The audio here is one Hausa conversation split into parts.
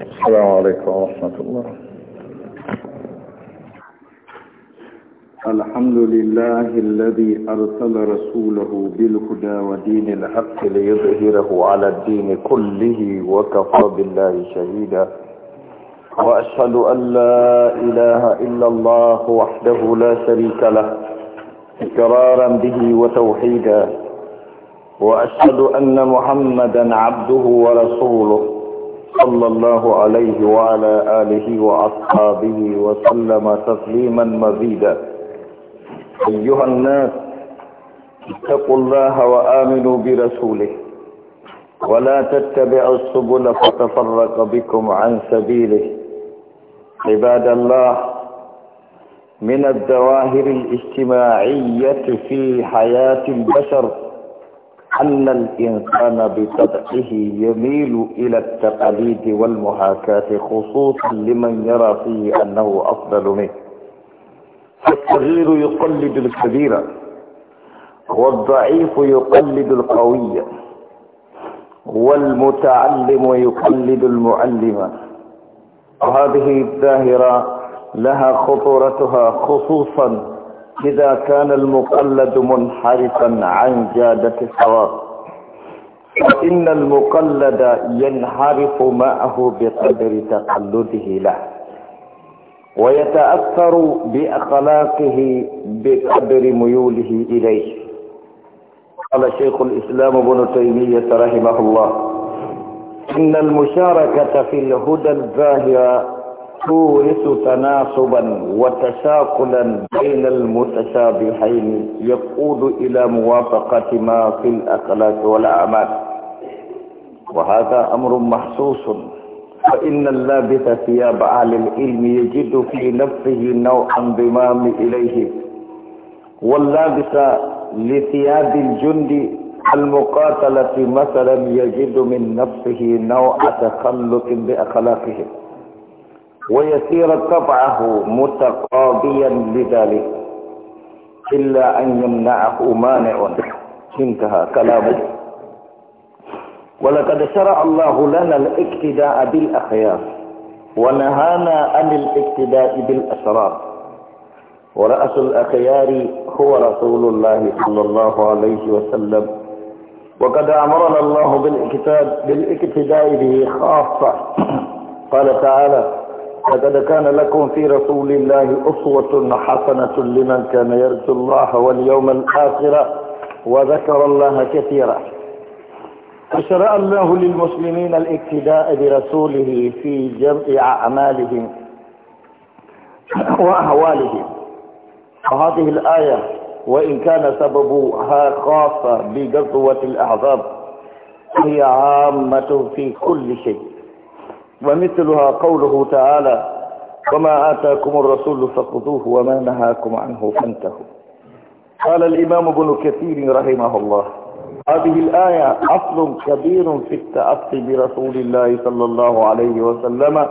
السلام عليكم ورحمة الله الحمد لله الذي أرسل رسوله بالهدى ودين الحق ليظهره على الدين كله وكفى بالله شهيدا وأشهد أن لا إله إلا الله وحده لا شريك له إقرارا به وتوحيدا وأشهد أن محمدا عبده ورسوله صلى الله عليه وعلى آله وأصحابه وسلم تسليما مزيدا أيها الناس اتقوا الله وآمنوا برسوله ولا تتبعوا السبل فتفرق بكم عن سبيله عباد الله من الظواهر الاجتماعية في حياة البشر أن الإنسان بطبعه يميل إلى التقاليد والمحاكاة خصوصا لمن يرى فيه أنه أفضل منه فالصغير يقلد الكبير والضعيف يقلد القوي والمتعلم يقلد المعلم وهذه الظاهرة لها خطورتها خصوصا إذا كان المقلد منحرفا عن جادة الصواب فإن المقلد ينحرف معه بقدر تقلده له ويتأثر بأخلاقه بقدر ميوله إليه قال شيخ الإسلام ابن تيمية رحمه الله إن المشاركة في الهدى الظاهرة تورث تناسبا وتشاكلا بين المتشابهين يقود إلى موافقة ما في الأخلاق والأعمال وهذا أمر محسوس فإن اللابث ثياب أهل العلم يجد في نفسه نوع انضمام إليه واللابس لثياب الجند المقاتلة مثلا يجد من نفسه نوع تخلق بأخلاقهم ويسير طبعه متقاضيا لذلك إلا أن يمنعه مانع انتهى كلامه ولقد شرع الله لنا الاقتداء بالأخيار ونهانا عن الاقتداء بالأشرار ورأس الأخيار هو رسول الله صلى الله عليه وسلم وقد أمرنا الله بالاقتداء به خاصة قال تعالى لقد كان لكم في رسول الله أسوة حسنة لمن كان يرجو الله واليوم الآخر وذكر الله كثيرا فشرع الله للمسلمين الاقتداء برسوله في جمع أعمالهم وأهوالهم وهذه الآية وإن كان سببها خاصة بقضوة الأعذاب هي عامة في كل شيء ومثلها قوله تعالى وما آتاكم الرسول فخذوه وما نهاكم عنه فانتهوا قال الإمام ابن كثير رحمه الله هذه الآية أصل كبير في التأثي برسول الله صلى الله عليه وسلم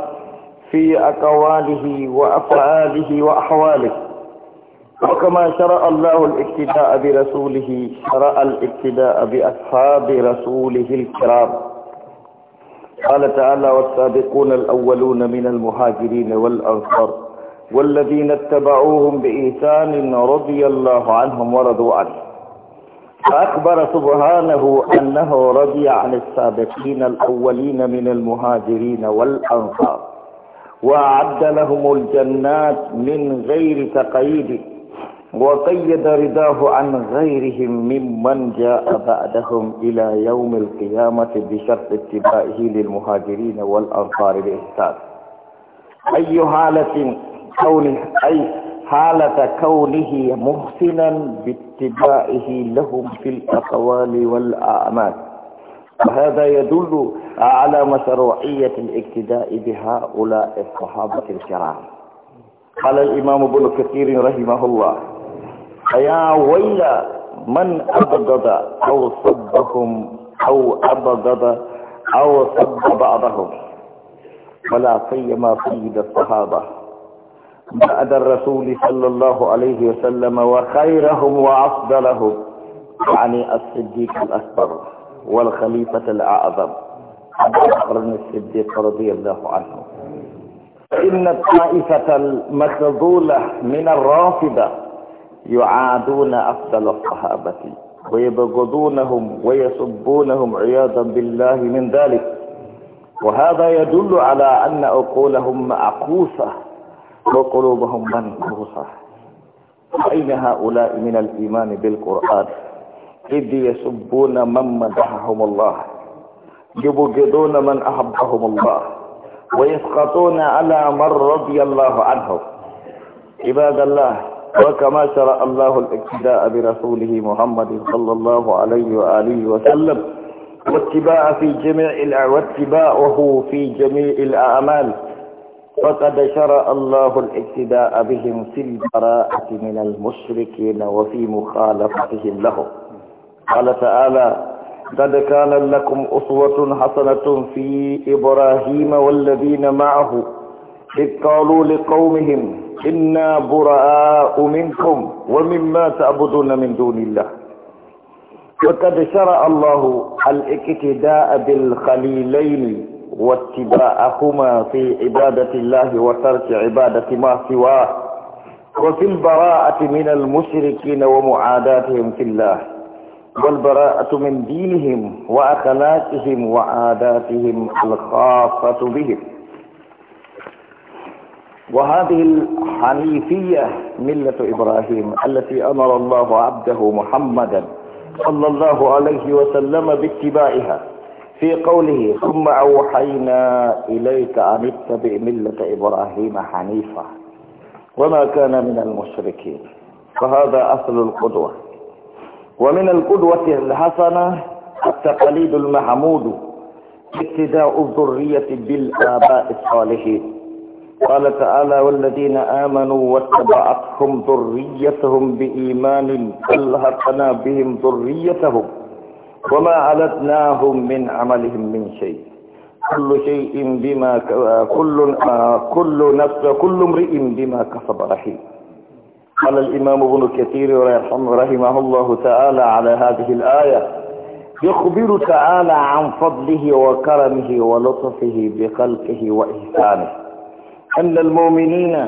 في أقواله وأفعاله وأحواله وكما شرع الله الاقتداء برسوله شرع الاقتداء بأصحاب رسوله الكرام قال تعالى والسابقون الأولون من المهاجرين والأنصار والذين اتبعوهم بإيثان رضي الله عنهم ورضوا عنه فأخبر سبحانه أنه رضي عن السابقين الأولين من المهاجرين والأنصار وأعد لهم الجنات من غير تقييد وقيد رداه عن غيرهم ممن جاء بعدهم إلى يوم القيامة بشرط اتباعه للمهاجرين والأنصار بإحسان أي حالة كونه أي حالة كونه محسنا باتباعه لهم في الأقوال والأعمال وهذا يدل على مشروعية الاقتداء بهؤلاء الصحابة الكرام قال الإمام ابن كثير رحمه الله فيا ويل من أبغض أو صبهم أو أبغض أو صب بعضهم ولا سيما سيد الصحابة بعد الرسول صلى الله عليه وسلم وخيرهم وأفضلهم يعني الصديق الأكبر والخليفة الأعظم أبو بكر الصديق رضي الله عنه إن الطائفة المخذولة من الرافضة يعادون أفضل الصحابة ويبغضونهم ويسبونهم عياذا بالله من ذلك وهذا يدل على أن عقولهم معقوسة وقلوبهم منكوسة أين هؤلاء من الإيمان بالقرآن إذ يسبون من مدحهم الله يبغضون من أحبهم الله ويسقطون على من رضي الله عنهم عباد الله وكما شرع الله الاقتداء برسوله محمد صلى الله عليه وآله وسلم واتباع في جميع واتباعه في جميع الأعمال فقد شرع الله الاقتداء بهم في البراءة من المشركين وفي مخالفتهم لهم قال تعالى قد كان لكم أسوة حسنة في إبراهيم والذين معه إذ قالوا لقومهم إنا براء منكم ومما تعبدون من دون الله وقد شرع الله الاقتداء بالخليلين واتباعهما في عبادة الله وترك عبادة ما سواه وفي البراءة من المشركين ومعاداتهم في الله والبراءة من دينهم وأخلاقهم وعاداتهم الخاصة بهم وهذه الحنيفية ملة إبراهيم التي أمر الله عبده محمدا صلى الله عليه وسلم باتباعها في قوله ثم أوحينا إليك أن اتبع ملة إبراهيم حنيفا وما كان من المشركين فهذا أصل القدوة ومن القدوة الحسنة التقليد المحمود ابتداء الذرية بالآباء الصالحين قال تعالى والذين آمنوا واتبعتهم ذريتهم بإيمان ألهقنا بهم ذريتهم وما علتناهم من عملهم من شيء كل شيء بما كل آه، كل نفس كل امرئ بما كسب رحيم قال الإمام ابن كثير رحمه الله تعالى على هذه الآية يخبر تعالى عن فضله وكرمه ولطفه بخلقه وإحسانه أن المؤمنين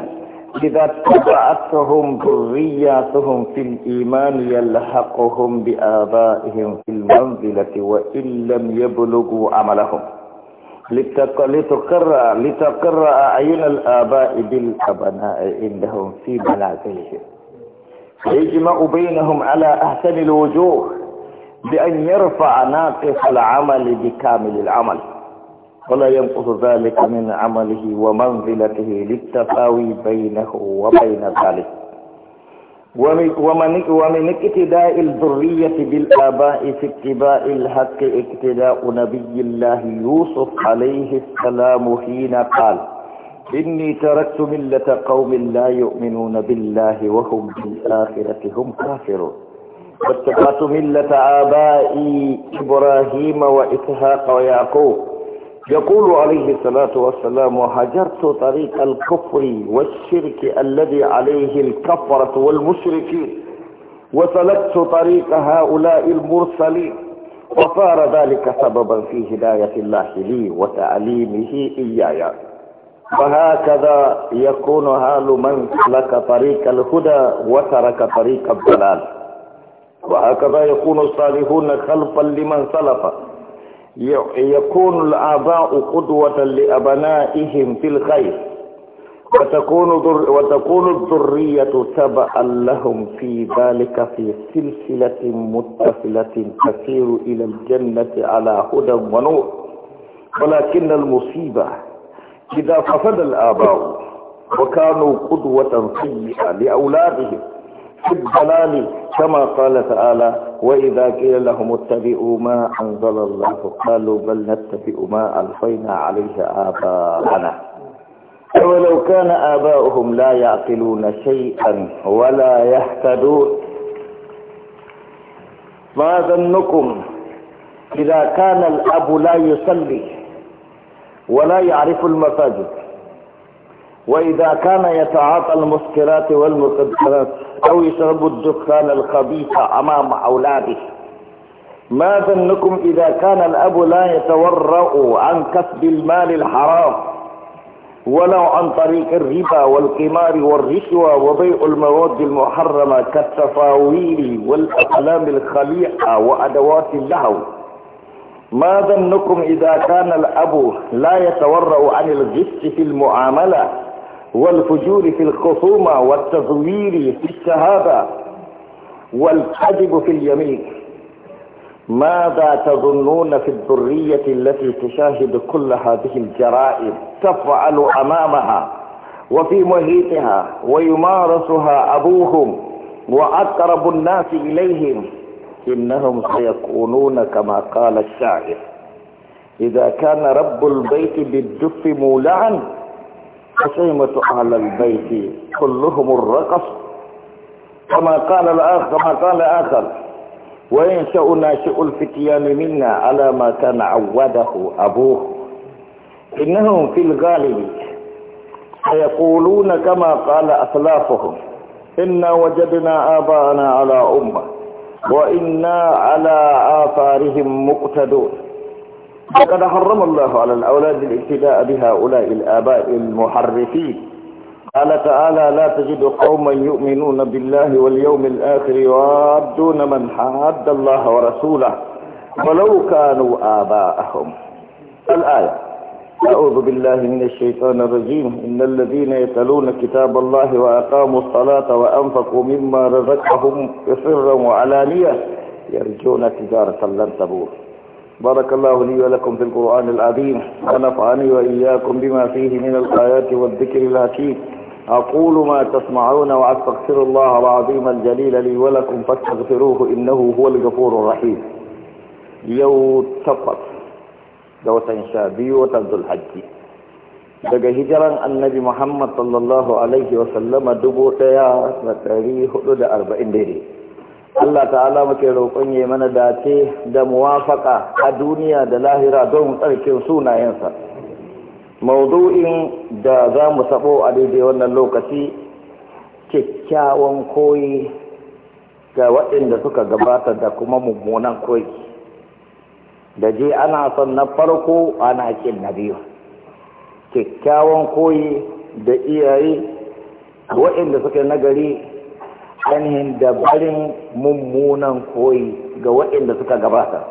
إذا تبعتهم ذرياتهم في الإيمان يلحقهم بآبائهم في المنزلة وإن لم يبلغوا عملهم لتقرأ لتقرأ أعين الآباء بالأبناء عندهم في منازلهم يجمع بينهم على أحسن الوجوه بأن يرفع ناقص العمل بكامل العمل ولا ينقص ذلك من عمله ومنزلته للتساوي بينه وبين ذلك ومن ومن اقتداء الذرية بالآباء في اتباع الحق اقتداء نبي الله يوسف عليه السلام حين قال إني تركت ملة قوم لا يؤمنون بالله وهم بالآخرة هم كافرون واتبعت ملة آبائي إبراهيم وإسحاق ويعقوب يقول عليه الصلاة والسلام وهجرت طريق الكفر والشرك الذي عليه الكفرة والمشركين وسلكت طريق هؤلاء المرسلين وصار ذلك سببا في هداية الله لي وتعليمه إياي فهكذا يكون حال من سلك طريق الهدى وترك طريق الضلال وهكذا يكون الصالحون خلفا لمن سلف يكون الآباء قدوة لأبنائهم في الخير وتكون در وتكون الذرية تبعا لهم في ذلك في سلسلة متصلة تسير إلى الجنة على هدى ونور ولكن المصيبة إذا فسد الآباء وكانوا قدوة سيئة لأولادهم في الضلال كما قال تعالى وإذا قيل لهم اتبعوا ما أنزل الله قالوا بل نتبع ما ألفينا عليه آباءنا ولو كان آباؤهم لا يعقلون شيئا ولا يهتدون ما ظنكم إذا كان الأب لا يصلي ولا يعرف المساجد وإذا كان يتعاطى المسكرات والمخدرات أو يشرب الدخان الخبيث أمام أولاده ما ظنكم إذا كان الأب لا يتورأ عن كسب المال الحرام ولو عن طريق الربا والقمار والرشوة وبيع المواد المحرمة كالتفاويل والأقلام الخليعة وأدوات اللهو ما ظنكم إذا كان الأب لا يتورأ عن الغش في المعاملة والفجور في الخصومة والتزوير في الشهادة والكذب في اليمين ماذا تظنون في الذرية التي تشاهد كل هذه الجرائم تفعل أمامها وفي محيطها ويمارسها أبوهم وأقرب الناس إليهم إنهم سيكونون كما قال الشاعر إذا كان رب البيت بالدف مولعا خصيمة أهل البيت كلهم الرقص كما قال الآخر كما قال آخر وينشأ ناشئ الفتيان منا على ما كان عوده أبوه إنهم في الغالب سيقولون كما قال أسلافهم إنا وجدنا آباءنا على أمة وإنا على آثارهم مقتدون وقد حرم الله على الأولاد الابتداء بهؤلاء الآباء المحرفين قال تعالى لا تجد قوما يؤمنون بالله واليوم الآخر يعدون من حاد الله ورسوله ولو كانوا آباءهم الآية أعوذ بالله من الشيطان الرجيم إن الذين يتلون كتاب الله وأقاموا الصلاة وأنفقوا مما رزقهم سرا وعلانية يرجون تجارة لن تبور بارك الله لي ولكم في القرآن العظيم ونفعني وإياكم بما فيه من الآيات والذكر الحكيم أقول ما تسمعون وأستغفر الله العظيم الجليل لي ولكم فاستغفروه إنه هو الغفور الرحيم يو تقط دوتا شابي وتنزل الحج دقى هجرا النبي محمد صلى الله عليه وسلم ɗaya يا وتاريخ hudu أربعين ديري Allah ta'ala muke roƙon ya mana dace da muwafaka a duniya da lahira don tsarkin sunayensa maudu'in da za mu sabo a daidai wannan lokaci kyakkyawan koyi ga waɗanda suka gabata da kuma mummunan koyi da je ana son na farko ana kin na biyu kyakkyawan koyi da iyaye waɗanda suka nagari ainihin da barin mummunan koyi ga waɗanda suka gabata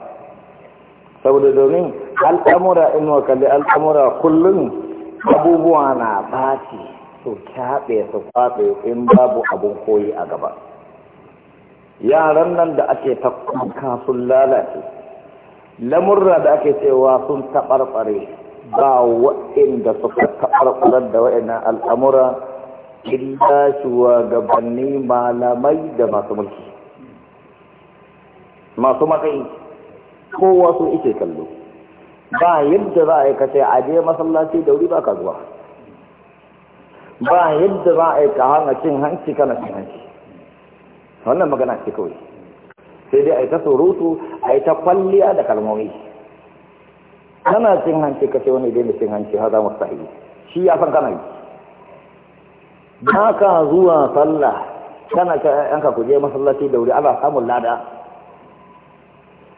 saboda domin al'amura in wa kalli al'amura kullum abubuwa na baci su kyaɓe su kwaɓe in babu abun koyi a gaba yaran nan da ake ta kuka sun lalace lamurra da ake cewa sun taɓarɓare ba waɗanda suka taɓarɓarar da waɗannan al'amura illa gabanni malamai da masu mulki masu matsayi kowa su ike kallo ba yadda za a yi kace a je masallaci da wuri ba ka zuwa ba yadda za a yi ka hana cin hanci kana cin hanci wannan magana ce kawai sai dai a yi ta surutu a yi ta kwalliya da kalmomi kana cin hanci kace wani da cin hanci haza sahi shi ya san kana yi ba ka zuwa sallah kana ka yanka ku je masallaci da wuri ana samun lada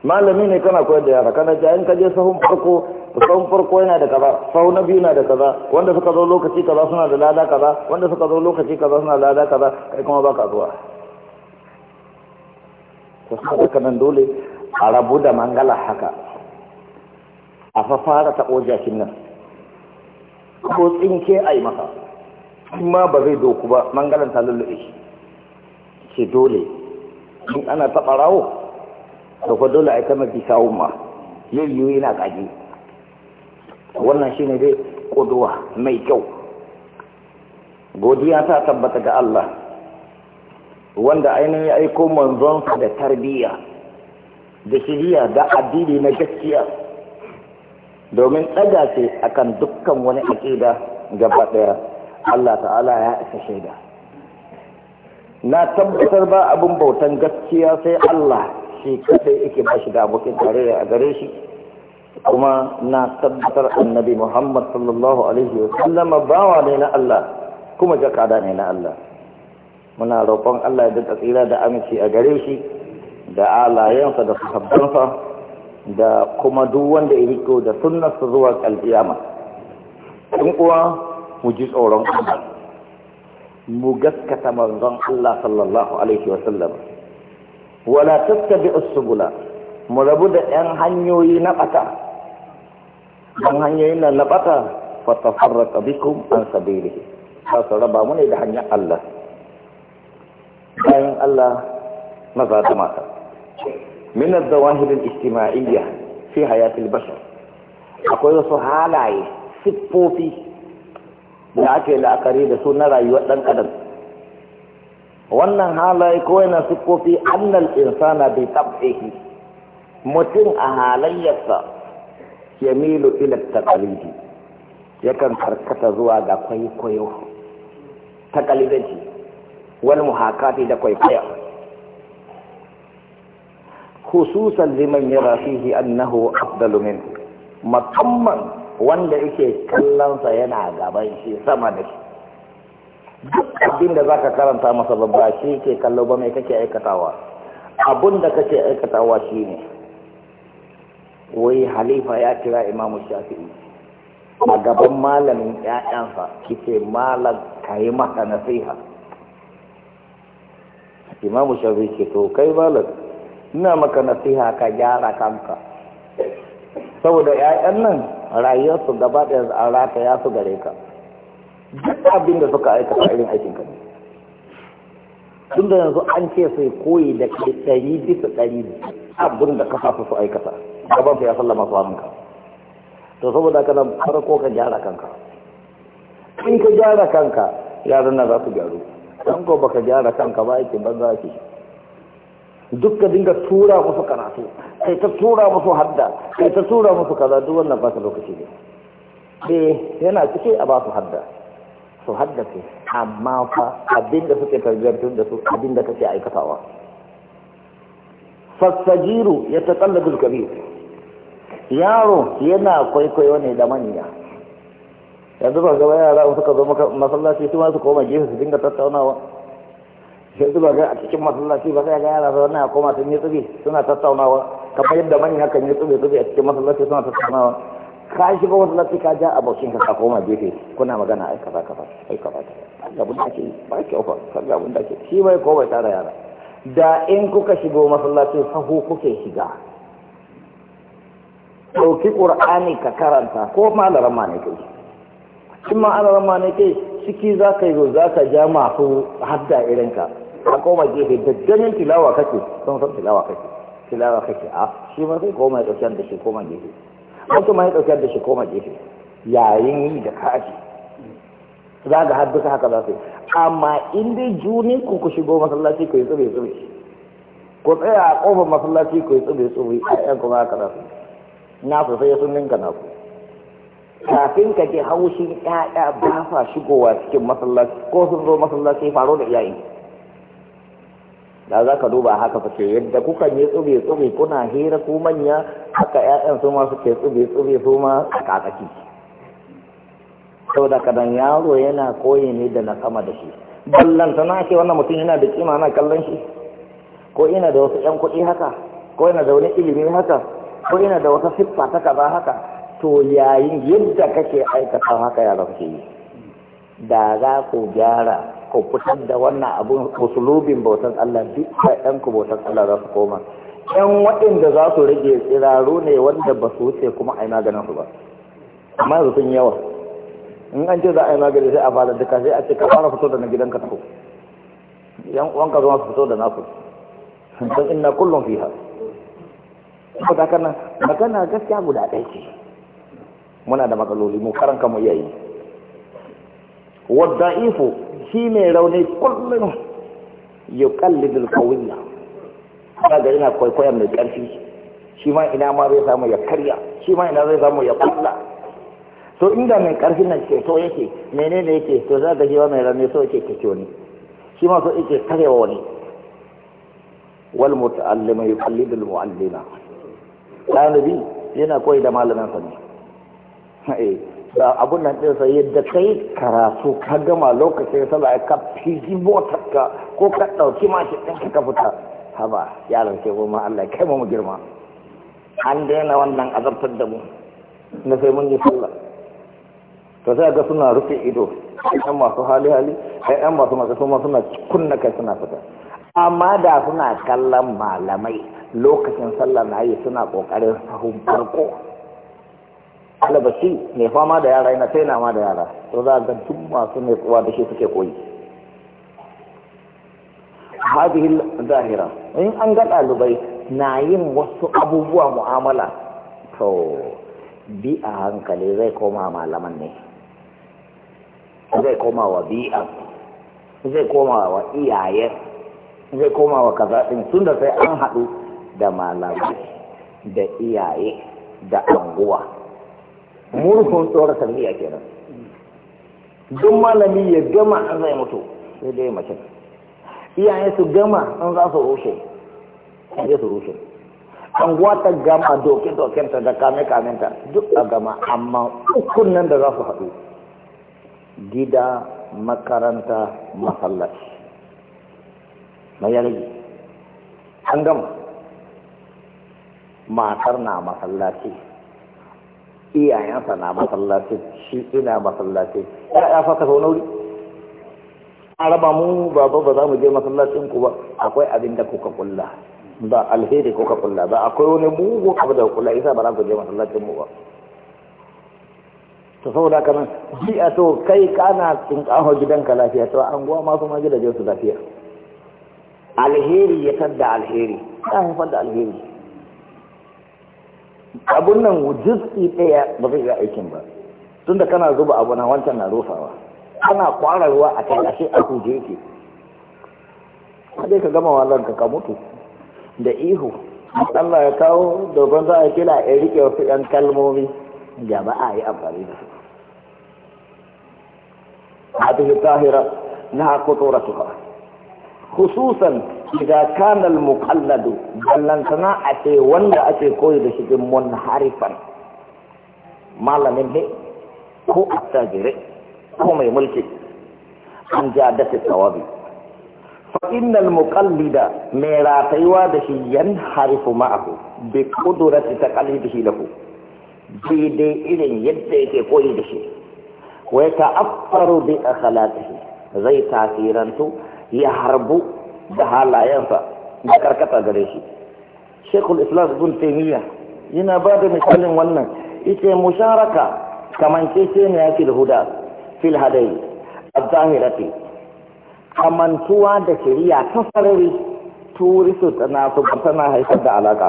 malami ne kana koyar da yara kana ja in ka je sahun farko sahun farko yana da kaza sahun na biyu na da kaza wanda suka zo lokaci kaza suna da lada kaza wanda suka zo lokaci kaza suna da lada kaza kai kuma ba ka zuwa sai haka nan dole a rabu da mangala haka a fa fara taɓo jakin nan ko tsinke a yi in ma ba zai doku ba mangalan ta lullube shi ce dole in ana taɓa rawo da kwa dole a yi kama bisa umma yin yiwu yana ƙage wannan shi ne dai ƙuduwa mai kyau godiya ta tabbata ga Allah wanda ainihin ya aiko manzonsa da tarbiyya da shiriya da addini na gaskiya domin tsaga ce akan dukkan wani aƙida gaba ɗaya Allah ta'ala ya isa shaida na tabbatar ba abin bautan gaskiya sai Allah shi kadai yake ba shi da abokin tarayya a gare shi kuma na tabbatar annabi Muhammad sallallahu alaihi wa bawa ne na Allah kuma jakada ne na Allah muna roƙon Allah ya da tsira da aminci a gare shi da alayensa da sahabbansa da kuma duk wanda ya riko da sunnarsa zuwa alƙiyama in kuwa mu ji tsoron Allah mu gaskata manzon Allah sallallahu alaihi wasallam wala tattabi usbula mu rabu da ɗan hanyoyi na bata ɗan hanyoyi na na bata fa tafarraqa bikum an sabilihi fa saraba mu ne da hanyar Allah bayan Allah maza da mata min ad-dawahir al-ijtima'iyya fi hayat al-bashar akwai wasu halaye siffofi da ake la'akari da su na rayuwar ɗan adam wannan halaye ko yana siffofi annal insana bi tab'ihi mutum a halayyarsa yamilu ila taqalidi yakan karkata zuwa ga kwaikwayo takalidanci wal muhakati da kwaikwaya khususan liman yara fihi annahu afdalu min musamman wanda yake kallonsa yana gaban shi sama da shi duk abin da zaka karanta masa babba shi ke kallo ba mai kake aikatawa abin da kake aikatawa shi ne wai halifa ya kira imamu shafi'i a gaban malamin ƴaƴansa kike malam kayi maka nasiha imamu shafi'i ke to kai malam ina maka nasiha ka gyara kanka saboda ƴaƴan nan rayuwarsu gaba ɗaya a rata ya su gare ka duk abin da suka aikata irin aikin ka ne tun da yanzu an ce sai koyi da ke ɗari bisa ɗari abin da ka su aikata gaban su ya sallama su ka to saboda ka nan farko ka gyara kanka in ka gyara kanka yaran na za su gyaru don ko baka gyara kanka ba aikin za ki shi duk dinga tura musu karatu kai ta tura musu hadda kai ta tura musu kaza duk wannan ba lokaci ne eh yana cike a ba su hadda su hadda ce amma fa da suke tarbiyyar da su da kake aikatawa fasajiru ya ta tsalla dulkabi yaro yana kwaikwayo ne da manya yanzu ba gaba yara suka zo masallaci su ma su koma gefe su dinga tattaunawa sai a cikin masallaci ba sai ga yara zaune a koma sun yi tsubi suna tattaunawa kamar yadda manya hakan yi tsubi tsubi a cikin masallaci suna tattaunawa ka ba masallaci ka ja bakin ka koma gefe kuna magana ai kaza kaza ai kaza da ake ba ke ofa kaza da shi bai ko bai tara yara da in kuka shigo masallaci sahu kuke shiga ɗauki ƙur'ani ka karanta ko ma larama ne kai Shin ma alarama ne kai ciki za ka yi za ka ja masu hadda irinka an koma gefe da ganin tilawa kake sun san tilawa kake tilawa kake a shi ma sai koma ya ɗaukiyar da shi koma gefe wasu ma ya ɗaukiyar da shi koma gefe yayin yi da kaji za ga har duka haka za su yi amma in dai juni ku ku shigo masallaci ku yi tsube tsube ku tsaya a kofar masallaci ku yi tsube tsube a yan kuma haka za su na su sai sun ninka na ku kafin ka je haushin ƴaƴa ba sa shigowa cikin masallaci ko sun zo masallaci faro da iyayen da za ka duba haka fashe yadda kuka yi tsube tsube kuna hira ku manya haka ƴaƴan su ma suke tsube tsube su ma a kakaki saboda kadan yaro yana koyi ne da na sama da shi ballan sana ake wannan mutum yana da kima na kallon shi ko ina da wasu ƴan kuɗi haka ko ina da wani ilimi haka ko ina da wata siffa ta kaza haka to yayin yadda kake aikata haka yara kuke yi da za ku gyara ku fitar da wannan abun musulubin bautan Allah duk ɗan ku bautan Allah za su koma Yan waɗanda za su rage tsiraro ne wanda ba su wuce kuma a yi maganin su ba amma yanzu sun yawa in an ce za a yi maganin sai a fara duka sai a ce ka fara fito da na gidan ka taho yan ka zuwa su fito da naku don ina kullum fiha ko da kana magana gaskiya guda ɗaya ce muna da makaloli mu karan mu iyayi wadda'ifu shi mai rauni kullum ya kalli kallidul na ba da yana kwaikwayar mai ƙarfi shi ma ina ma zai samu ya karya shi ma ina zai samu ya kulla to inda mai ƙarfi nan to yake menene yake to za ga jiwa mai rauni so yake ceto ne shi ma so yake karewa wani wal muta'allima yuqallidul mu'allima ɗalibi yana koyi da malamin sa ne eh, abun nan ɗinsa yadda ka yi karatu ka gama lokacin sallah ka fiji ka ko ka ɗauki mashi ɗin ka fita haba yaran ce goma Allah kai mu girma an daina wannan azabtar da mu na sai mun yi sallah to sai ga suna rufe ido ɗan masu hali hali ɗan masu masu kuma suna kunna kai suna fita amma da suna kallon malamai lokacin sallah na yi suna ƙoƙarin sahun farko alabashi mai fama da yara yana taina ma da yara to za ga duk masu mai tsuwa da shi suke koyi hadhihi zahira in an ga ɗalibai na yin wasu abubuwa mu'amala to bi a hankali zai koma malaman ne zai koma wa bi'a zai koma wa iyaye zai koma wa kaza din tunda sai an haɗu da malamai da iyaye da anguwa murhun tsora tarbiyya kenan duk malami ya gama an zai mutu sai dai mace iyayen su gama an za su rushe An zai su rushe an wata gama doke dokenta da kame kamenta duk a gama amma ukun nan da za su haɗu gida makaranta masallaci mai yalagi an gama matar na masallaci iyayensa na masallaci shi ina masallaci ya fata sau nauri a raba mu baba ba za mu je masallacin ku ba akwai abin da kuka kulla ba alheri kuka kulla ba akwai wani mugu abu da kulla isa ba za ku je masallacin mu ba to da kanan bi a to kai kana tsin kaho gidanka lafiya to an guwa masu ma gidajen su lafiya alheri ya tadda alheri ya haifar da alheri abun nan juz'i ɗaya ba zai yi aikin ba tunda kana zuba abu na wancan na rufawa kana kwararwa a kai ashe a kuje yake dai ka gama wallan ka mutu da ihu Allah ya kawo dogon za a kila a rike wasu ‘yan kalmomi a yi amfani da su. Hadhihi tahira na kutura tuha. Khususan idan kanal muqalladu ballantana a ce wanda ake koyi da shi mun harifan malamin ne ko attajirai ko mai mulki an ja da ta fa innal muqallida mai ratayuwa da shi yan harifu ma'ahu bi qudrati taqalidihi lahu daidai irin yadda yake koyi da shi ta ya ta'affaru bi akhlaqihi zai tasirantu ya harbu da halayensa da karkata gare shi shekul islam bin taimiyya yana ba da misalin wannan ita musharaka ce ne ya fil huda fil hadai a zahirati kamantuwa da shari'a ta sarari turisu tana tana haifar da alaka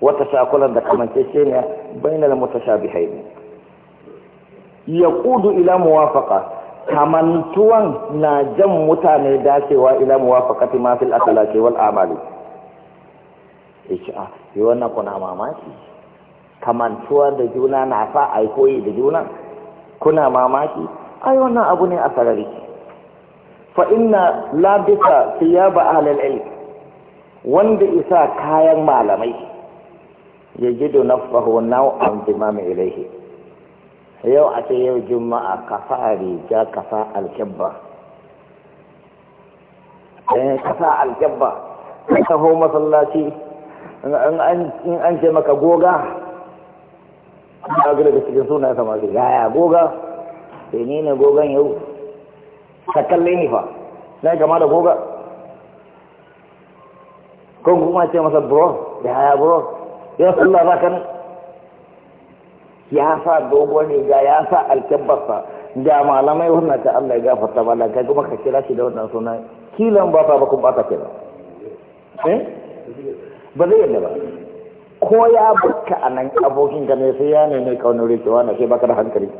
wata shakulan da ce ne bainar mutashabihai Ya kudu ila muwafaka kamantuwan na jan mutane dacewa ila muwafaqati ma fil akhlaqi wal amali isha ah, yi wannan kuna mamaki kamantuwa da juna na fa ai koyi da juna kuna mamaki ai wannan abu ne a sarari fa inna labisa siyaba ahli ilm wanda isa kayan malamai yajidu nafsahu naw'an bima ilayhi yau a ce yau juma'a kafa riga kafa alkyabba eh kafa alkyabba ka taho masallaci in an ce maka goga a ga daga cikin suna ya samari yaya goga sai ni ne gogan yau ka kalle ni fa na gama da goga kun kuma ce masa bro haya bro yau sallah za ka ya sa dogon riga ya sa alkyabbarsa ga malamai wannan ta Allah ya gafarta ba kai kuma ka kira shi da wannan sunan kilan ba ba kun bata kira eh ba zai yadda ba ko ya buka a nan abokin ka ne sai ya nemi kaunar rikewa na sai baka da hankali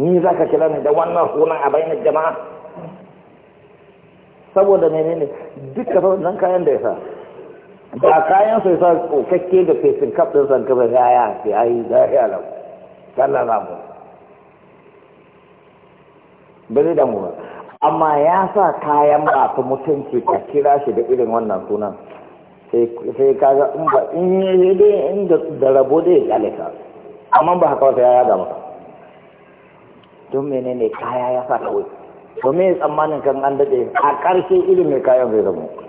ni za ka kira ni da wannan sunan a bayan jama'a saboda menene duka nan kayan da ya sa ba kayan sai sa tsokakke da fesin kaf din san kafa ya ya sai ai da ya lau sallah za mu bari da mu amma ya sa kayan ba ta mutunci ka kira shi da irin wannan sunan sai kaga in ba in yi dai in da rabo dai ya kyale amma ba haka wata ya yaga maka don menene kaya ya sa kawai to me tsammanin kan an daɗe a ƙarshe ilimin kayan zai zama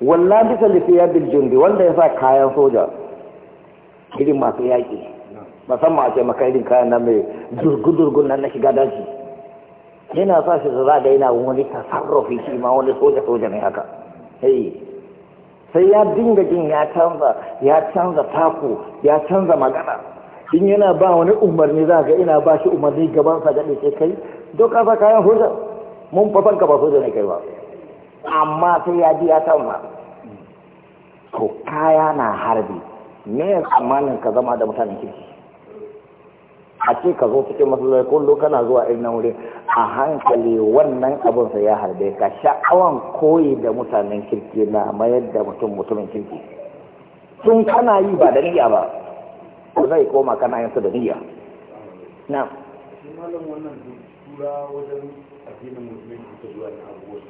walla bisa bil jundi wanda ya sa kayan soja irin masu yaƙi musamman a ce maka irin kayan nan mai durgu-durgun nan na shiga daji yana sa shi za ga yana wani tasarrufi shi ma wani soja-soja ne haka sai ya dinga jin ya canza ya canza taku ya canza magana in yana ba wani umarni za ga ina ba shi umarni gaban sa gaɗe sai kai ka sa kayan soja mun fafanka ba soja ne kai ba amma sai ya biya sama to kaya na harbi me ya tsammanin ka zama da mutanen kirki a ce ka zo cikin masallaci kullum kana zuwa irin nan wurin a hankali wannan abin sa ya harbe ka sha'awan koyi da mutanen kirki na mayar da mutum mutumin kirki tun kana yi ba da niyya ba ko zai koma kana yin su da niyya na malam wannan tura wajen addinin musulunci ta zuwa na abubuwa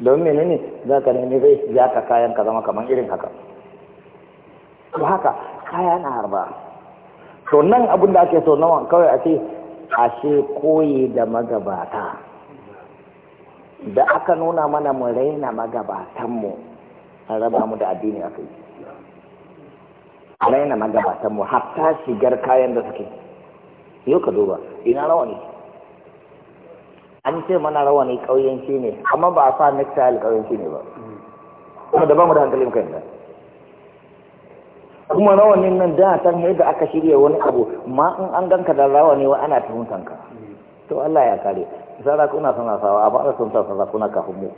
don menene za ka nemi zai ya ka kayan ka zama kamar irin haka to haka kaya na harba to nan abin da ake so nawa kawai a ce ashe koyi da magabata da aka nuna mana mu raina magabatanmu an raba mu da addini akai raina magabatanmu hatta shigar kayan da suke yau ka duba ina rawa ne an ce mana rawani ƙauyenci ne amma ba a sa nektayil ƙauyenci ne ba kuma da ba mu da hankalin kan nan. kuma rawanin nan da san yadda aka shirya wani abu ma in an ganka da rawani wa ana tuhumtan ka to Allah ya kare na sana sawa a fara sun sa kuna kafin mu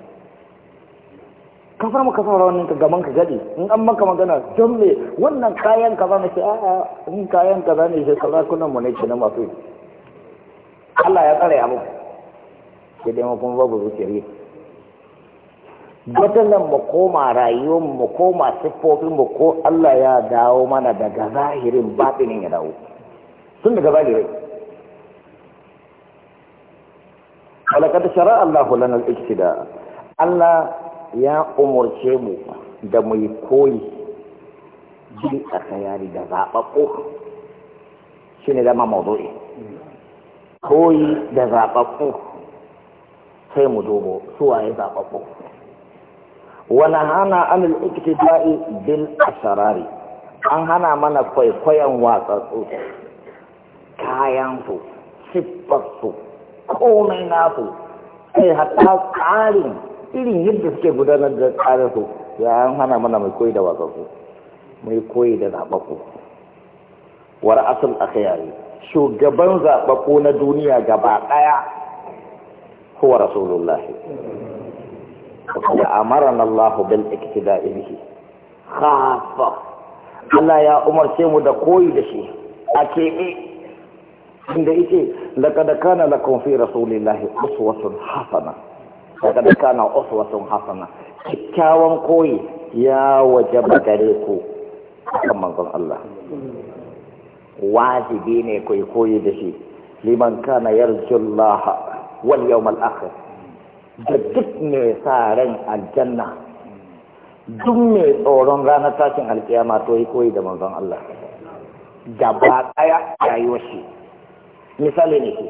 ka samu ka sa rawanin ka gaban ka gadi in an maka magana don me wannan kayan ka zama shi, a in kayan ka zama shi kuna mu ne ke na masu Allah ya tsare abu sai dai kuma babu zikiri nan mu koma rayuwar mu koma siffofin mu ko Allah ya dawo mana daga zahirin batinin ya dawo tun daga zahirin walakata shara Allah hulana al da Allah ya umarce mu da mu yi koyi jin a tsayari da zaɓaɓɓo shi ne zama mazo'i koyi da zaɓaɓɓo sai mu dubo waye zaɓaɓɓu wani hana anil iktidai bil asharari an hana mana kwaikwayon watsatsu kayansu siffarsu komai nasu sai hatta tsarin irin yadda suke gudanar da tsarinsu ya an hana mana mai koyi da watsatsu mai koyi da zaɓaɓɓu wa ra'asul akhyari shugaban zaɓaɓɓu na duniya gaba ɗaya Kuwa rasulullahi waƙa ya maralallahu belɗa ki siɗa Allah ya umarci mu da koyi da shi a keɓe. Inda icce lakadaka na lakofi rasulullahi wasu wasu Hassana lakadaka na wasu wasu Hassana kyakkyawan koyi ya waje ba gare ku. Akamankun Allah wajibi ne koi koyi da shi liman kana yarjo wal yawmal akhir da duk mai sa ran aljanna duk mai tsoron ranar tashin alkiyama to yi koyi da manzon Allah gaba daya rayuwar shi misali ne ke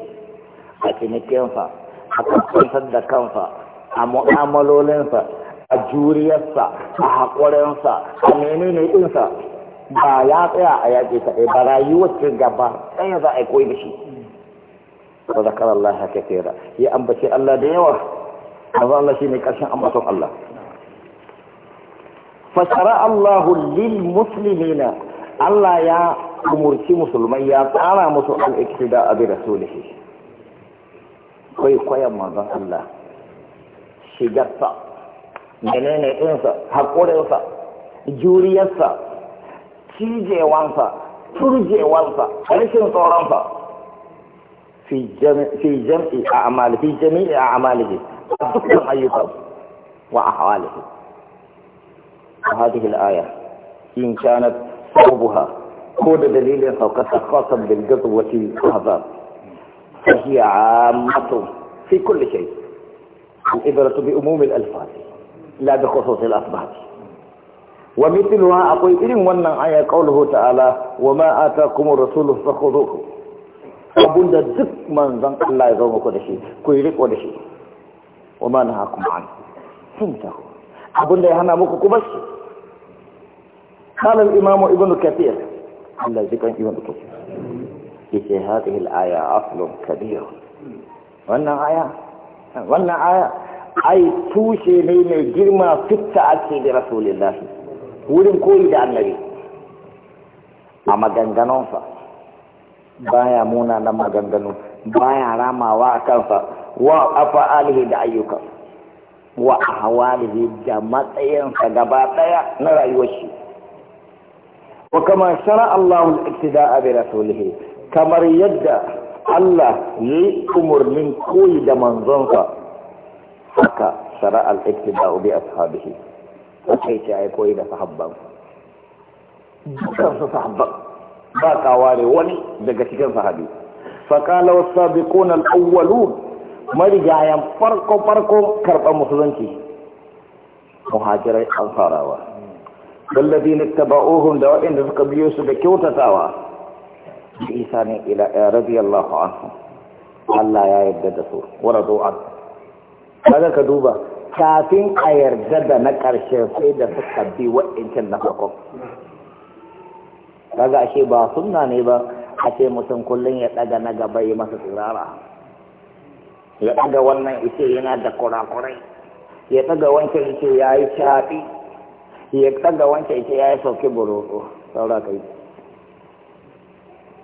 a cinikinsa a kakkantar da kansa a mu'amalolinsa a juriyarsa a haƙurinsa a menene ɗinsa ba ya tsaya a yaƙi kaɗai ba rayuwar ce gaba ɗaya za a yi koyi da shi wa zakara Allah kathira ya ambaci Allah da yawa manzo Allah ne karshen ambaton Allah fasara Allah lil muslimina Allah ya umurci musulmai ya tsara musu al-iktida bi rasulihi kai ma manzon Allah shigarsa menene ɗinsa haƙurinsa juriyarsa cijewansa turjewansa rashin tsoronsa في جمع في جمع أعماله في جميع أعماله دكتم أيضا وأحواله هذه الآية إن كانت صوبها كود دليل فوق خاصة بالقطوة الأهضاب فهي عامة في كل شيء الإبرة بأموم الألفاظ لا بخصوص الأصباب ومثلها أقول إن ونن آية قوله تعالى وما آتاكم الرسول فخذوه abunda duk manzan Allah ya zo muku da shi ku yi riko da shi wa ma na hakum an fintahu abunda ya hana muku kuma shi qala imamu ibn kafir Allah zikan ibn kafir yake hadhihi al-aya aslun kabir wannan aya wannan aya ai tushe ne mai girma fitta ake da rasulullah wurin koyi da annabi a maganganonsa baya munanan maganganu baya ramawa a kansa wa afa'alihi da ayyuka wa ahwalihi da matsayinsa gaba daya na rayuwar shi wa kama shara Allahu al-ibtida'a bi kamar yadda Allah yi umarnin koyi da manzonsa haka shara al-ibtida'u bi ashabihi sai ta yi koyi da sahabban dukansu sahabban ba ware wani daga cikin sahabi fakala sabiqun al-awwalun marigayan farko farko karban musulunci muhajirai ansarawa walladina tabauhum da waɗanda suka biyo su da kyautatawa Isa ne ila eh, radiyallahu anhu Allah ya yarda da su wa radu'an kaga ka duba kafin a yarda da na ƙarshe sai da suka bi waɗancan na farko kaga ashe ba sunna ne ba a ce mutum kullum ya daga na gaba yi masa tsirara ya daga wannan ice yana da kurakurai ya daga wancan ice ya yi shafi ya daga wancan ice ya yi sauke buroto saura kai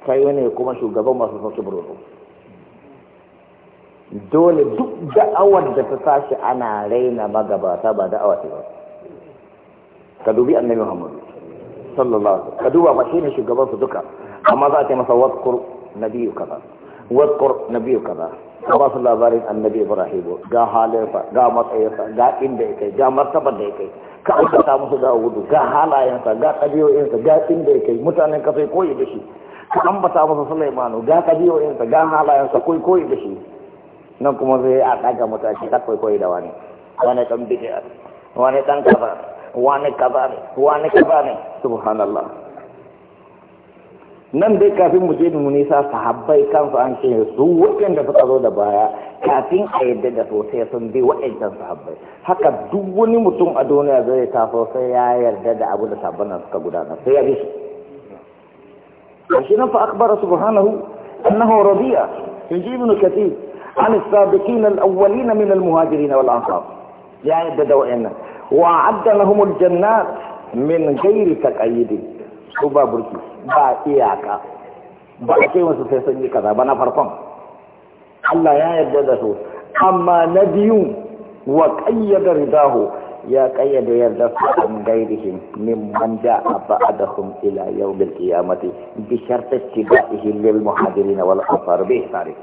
kai ne kuma shugaban masu sauke buroto dole duk da'awar da ta tashi ana raina magabata ba da'awa ce ba ka dubi annabi muhammadu sallallahu alaihi wasallam ka duba ba shine shugaban su duka amma za a ce masa wadkur nabiyyu kaza wadkur nabiyyu kaza ka ba su labarin annabi ibrahim ga halinsa ga matsayinsa ga inda ya kai ga martabar da ya kai ka aikata musu ga gudu ga halayensa ga ɗabi'o'insa ga inda ya kai mutanen ka sai koyi da shi ka ambata masa sulaimanu ga ɗabi'o'insa ga halayensa koyi koyi da shi nan kuma zai a ɗaga mutane ka koyi koyi da wani wani ɗan bidiyar wani ɗan kaza wani kaza ne wani kaza ne subhanallah nan dai kafin mu je mu nisa sahabbai kansu an ce su da suka zo da baya kafin a yadda da sosai sun bi waɗancan sahabbai haka duk wani mutum a duniya zai taso sai ya yarda da abu da sabon suka gudana sai ya bi shi ashirin fa akbara subhanahu annahu radiya ji ibnu kathir an as-sabiqin al-awwalin min al-muhajirin wal ansar ya yarda da waɗannan wa'adda humul jannat min gairi taqayyid ko ba burki ba iyaka ba ce musu sai sun yi kaza ba na farkon Allah ya yarda da su amma na biyu wa qayyada ridahu ya qayyada yarda su an a min a ja'a ba'dahum ila yawmil qiyamati bi da istiba'ihi lil muhadirin wal afar bi tarikh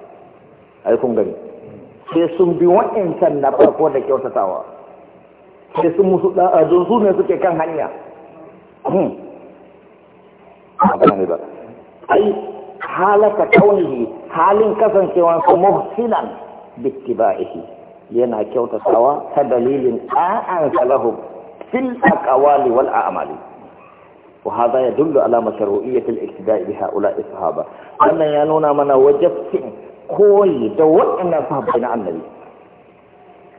ai kun gani sai sun bi wa'ancan na farko da kyautatawa sai sun don su ne suke kan hanya hmm. ba ai halaka kaunihi halin kasancewa su muhsinan bittiba'ihi yana kyautatawa ta dalilin ɗa'an salahu fil aqwali ya a'mali wa hada yadullu ala mashru'iyyati al bi ha'ula'i sahaba wannan ya nuna mana wajibin koyi da waɗannan sahabbai na annabi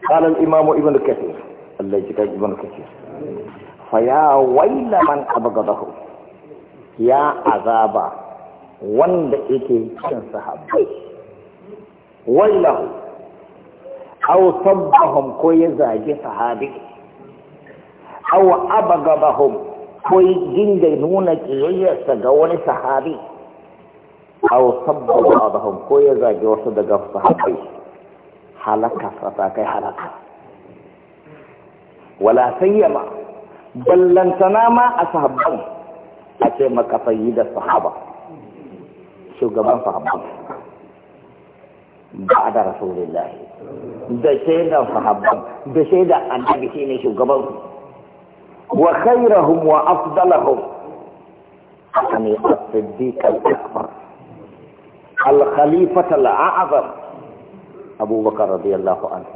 قال الإمام ابن كثير Allah ji kai ibn kathir fa ya waila man abghadahu ya azaba wanda yake cin sahabbai wallahu aw sabbahum ko ya zage sahabi aw abghadahum ko ya dinga nuna kiyayyarsa ga wani sahabi aw sabba ba'dahum ko ya zage wasu daga sahabbai halaka ta kai halaka wala sayyama ballantana ma a sahabban a ce maka da sahaba shugaban sahabban ba da rasulullah da shaidan sahabban da shaidan annabi shine shugaban wa khairahum wa afdalahum haka ne as-siddiq al-akbar al-khalifat al-a'zam abubakar radiyallahu anhu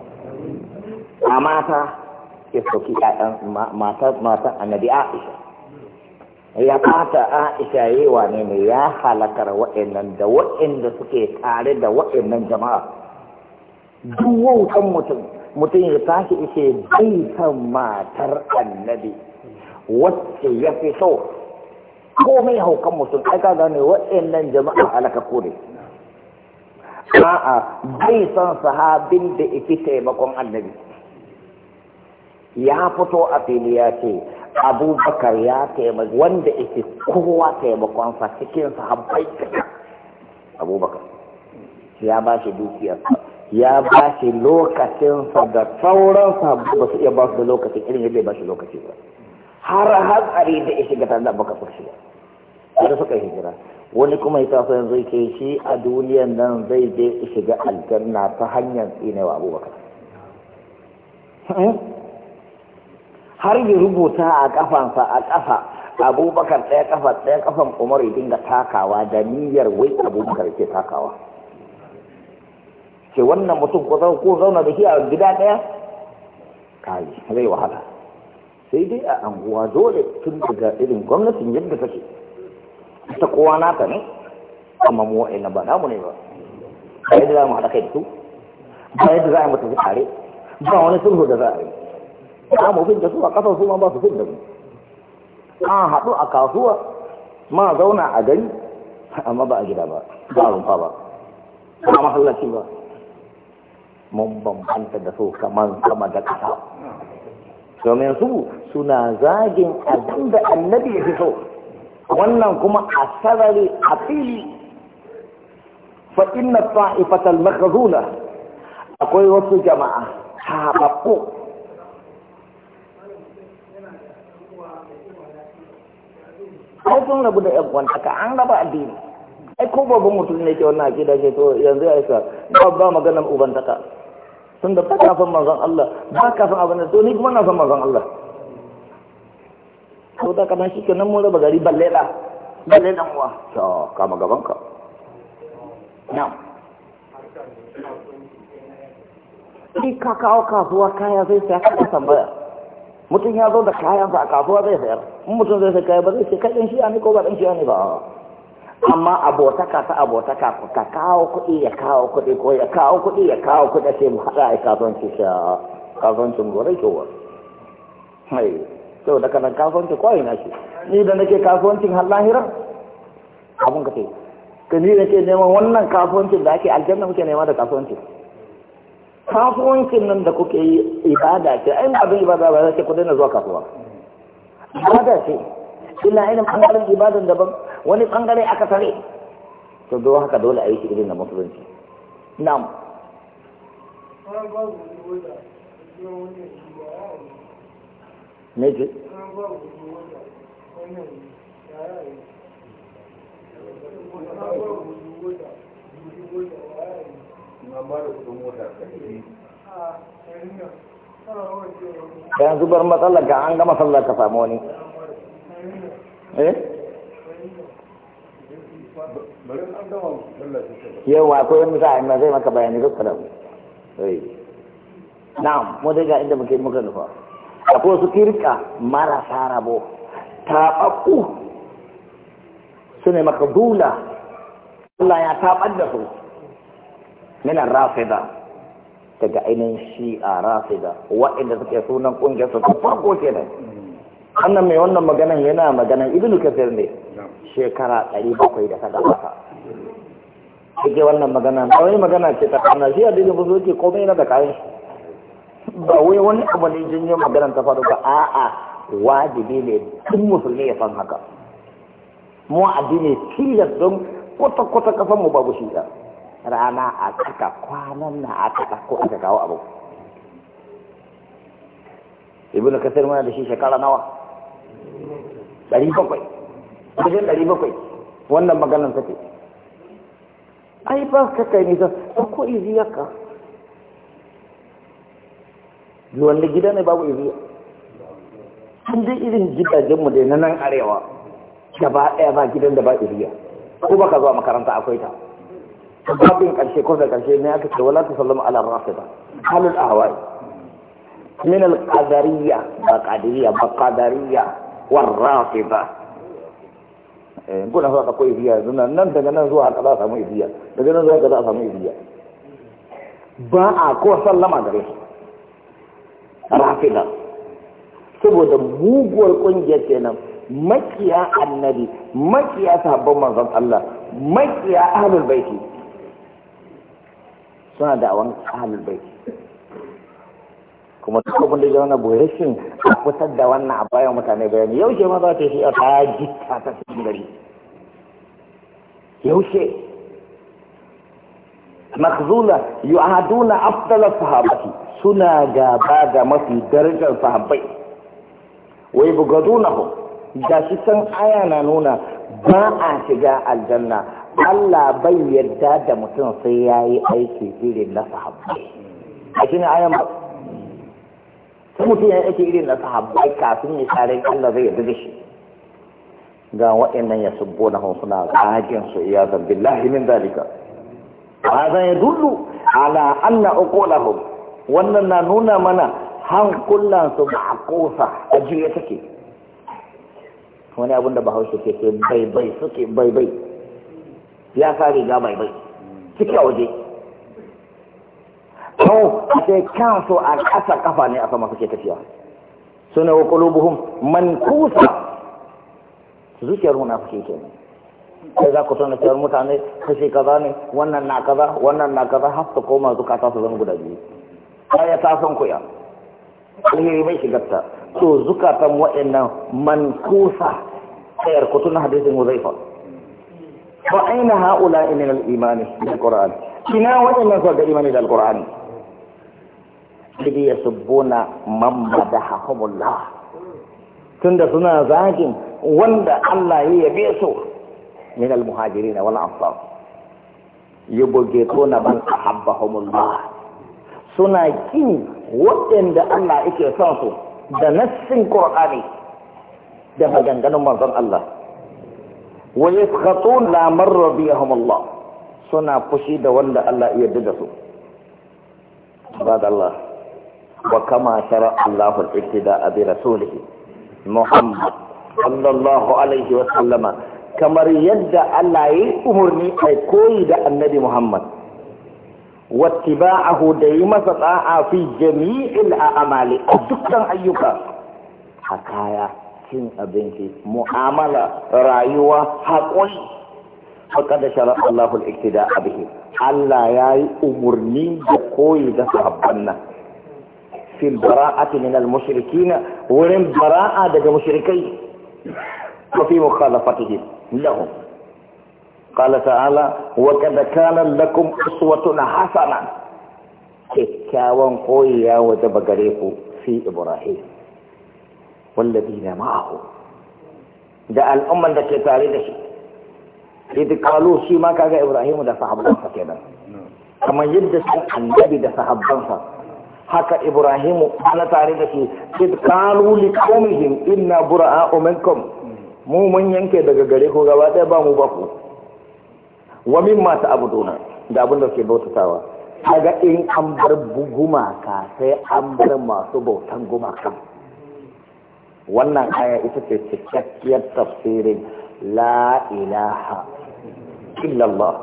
amata ya sauki ƴaƴan matan annabi Aisha ya fata Aisha yi wane ne ya halakar waɗannan da waɗanda suke tare da waɗannan jama'a duk wautan mutum mutum ya tashi ishe bai san matar annabi wacce ya fi so komai haukan mutum aka gane waɗannan jama'a halakakku ne a'a bai san sahabin da ita taimakon annabi ya fito a fili ya ce abubakar ya taimaka, wanda ake kowa taimakonsa cikin sahabbai abubakar ya ba shi dukiyarsa ya ba shi lokacinsa da sauran sahabbai ba su iya ba su da lokacin irin yadda ya ba shi lokaci ba har hatsari da ya shiga tare da abubakar ba shiga har suka hijira wani kuma ya taso yanzu ke shi a duniyan nan zai je shiga aljanna ta hanyar tsinewa abubakar eh? har ya rubuta a kafansa a kafa abubakar ɗaya kafa ɗaya kafan umar ya dinga takawa da niyyar wai abubakar ke takawa ce wannan mutum ko zauna da shi a gida ɗaya kai zai wahala sai dai a anguwa dole tun daga irin gwamnatin yadda take ta kowa nata ne amma mu wa'ina ba namu ne ba ba yadda za mu haɗa kai da su ba yadda za a tafi tare ba wani sulhu da za a yi ba mu da su a ƙasar su ma ba su da mu an haɗu a kasuwa ma zauna a gari amma ba a gida ba ba rumfa ba ba mahallaci ba mun bambanta da su kamar sama da ƙasa domin su suna zagin abin da annabi ya fi so wannan kuma a sarari a fili fa inna ta'ifatal makhzuna akwai wasu jama'a haɓaɓɓu ai sun rabu da yan kwantaka an raba addini ai ko babban mutum ne ke wannan akida ce to yanzu ya isa ba ba maganar ubantaka tun da baka san manzon Allah ba ka san abin da to ni kuma na san manzon Allah to da kana shi kenan mun raba gari balle da balle da muwa to kama gaban ka na'am Ika kawo kasuwa kaya sai sai ka tambaya. mutum ya zo da kayansa a kasuwa zai sayar in mutum zai sai kaya ba zai ce kai ɗan shiya ne ko ba ɗan shiya ne ba amma abotaka ta abotaka ka kawo kuɗi ya kawo kuɗi ko ya kawo kuɗi ya kawo kuɗi sai mu haɗa a kasuwanci sha kasuwancin gore wa mai sau da kanan kasuwanci kawai na shi ni da nake kasuwancin har lahira abin ka ce ka ni da ke neman wannan kasuwancin da ake aljanna muke nema da kasuwancin kafuwancin nan da kuke yi ibada ce abin ibada ba zai ku daina zuwa kasuwa ibada ce ina irin bangaren ibadan daban wani bangare aka tare to do haka dole a yi shi irin na musulunci na'am ne ce Thank you. ka zubar matsalar ga an gama sallar ka samu wani eh yawa akwai wani za a zai maka bayani duk kalam eh. na'am mu dai ga inda muke muka nufa ko su kirka marasa rabo ɓaku su ne maka dula Allah ya taɓar da su من الرافضة daga ainihin shi'a rafida waɗanda suke sunan ƙungiyar su ta farko kenan annan mai wannan maganan yana maganan ibnu kafir ne shekara ɗari bakwai da ta wannan magana ta wani magana ce ta kana shi addinin musulunci komai na da kayan ba wai wani abu ne yin magana ta faru ba a'a wajibi ne duk musulmi ya san haka mu addini tilas don kwata-kwata kasan mu babu shi'a rana a tsaka kwanan na a aka ko aka kawo abu ibnu kasir mana da shi shekara nawa ɗari bakwai wajen ɗari bakwai wannan maganar take ai ba ka kai nisa ko ka. wanda gida ne babu iziya an dai irin gidajenmu da na nan arewa gaba ɗaya ba gidan da ba iriya ko baka zuwa makaranta akwai ta فبابين كالشي كفر كالشي ما يكتب ولا تسلم على الرافضة حال الأهواء من القدرية القدرية بقدرية والرافضة إيه، نقول هذا قوي فيها زنا ننسى أن نزوها الأضافة مي فيها لكن نزوها الأضافة مي فيها باع كو سلم على الرافضة رافضة سبود موغول كنجتنا مكيا النبي مكيا صحبه من الله مكيا أهل البيت suna da awon ahalul bai kuma duk abin da ya zauna bai shi a fitar da wannan a bayan mutane bayani yaushe ma za ta shi a ta jita ta cikin gari yaushe makzula yu'aduna afdala sahabati suna gaba da mafi darajar sahabbai wai ku ga shi san aya na nuna ba a shiga aljanna Allah bai yarda da mutum sai ya yi aiki irin na sahabbai a shi ne ayan ba sai mutum ya aiki irin na sahabbai kafin ya tsarin Allah zai yarda da shi ga waɗannan ya subbo na hun suna zagin su iya zambin min zalika ba zan ya dullu ala anna uqulahum wannan na nuna mana hankulan su ba kosa ajiye take wani abin da bahaushe ke bai bai suke bai bai ya sa riga mai bai ciki a waje kawo a kan so a kasa kafa ne a sama suke tafiya suna wa kulubuhum man kusa zuciyar ke ne sai za ku tona cewar mutane kashi kaza ne wannan na kaza wannan na kaza har su koma zukata su zan guda biyu ya ta kuya alheri bai shigarta to zukatan waɗannan man kusa tsayar na hadisin huzaifa fa aina haula min al-iman bil Qur'an ina wadannan su ga imani da al-Qur'an bidi yasbuna man madahahumullah tunda suna zagin wanda Allah ya yabe su min al-muhajirin wal ansar yubghituna man ahabbahumullah suna kin waɗanda Allah yake son su da nassin Qur'ani da maganganun manzon Allah wa yasqatu la marra bihum suna fushi da wanda Allah ya yarda su bada Allah wa kama shara Allah al-ittida bi rasulihi Muhammad sallallahu alaihi wa sallama kamar yadda Allah ya umarni kai koyi da annabi Muhammad wattiba'ahu da yi masa tsa'a fi jami'il a amali a dukkan ayyuka a kaya cin abinci mu'amala rayuwa haƙuri haka da shara Allah al-iktida abihi Allah ya yi umarni da koyi da sahabban nan fil bara'ati min al-mushrikina wurin bara'a daga mushrikai wa fi mukhalafatihi lahum qala ta'ala wa kad kana lakum uswatun hasana kikkawan koyi ya يا وجب ku fi ibrahim Da al'umman da ke ده da shi. شيء إذ قالوا kaga ما da sahabbansa ده صحابة kamar yadda يدس annabi da sahabbansa haka Ibrahimu ana tare da shi kalu li liqaumihim inna bura'a'u minkum mu mun yanke daga gare ku gaba ɗaya ba mu ba ku wa mimma ta'buduna da abin da ke bautatawa kaga in an bar gumaka sai an bar masu bautan gumaka wannan aya ita ce cikakkiyar tafsirin la ilaha illallah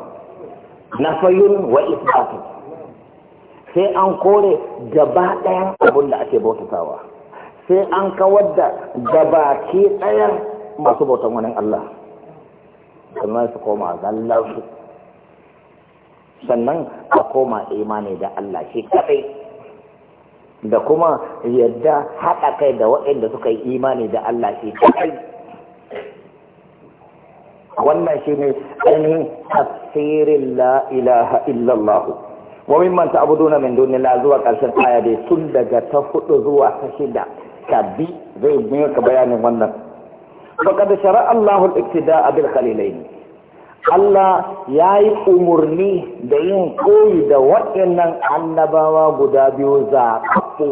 fayun wa isbatun sai an kore gaba ɗayan abin da ake bautatawa sai an kawar da ke ɗayan masu bautan wani Allah sannan su koma zallar su sannan a koma imani da Allah shi kaɗai da kuma yadda haɗa kai da waɗanda suka yi imani da Allah shi kai wannan shi ne ainihin tafsirin la ilaha illallah wa mimman ta'buduna min dunillahi zuwa ƙarshen aya dai tun daga ta hudu zuwa ta shida tabi zai yi ka bayanin wannan faqad shara'a Allahu al-iktida'a bil ne. Allah ya yi umarni da yin koyi da waɗannan annabawa guda biyu zaɓaɓɓu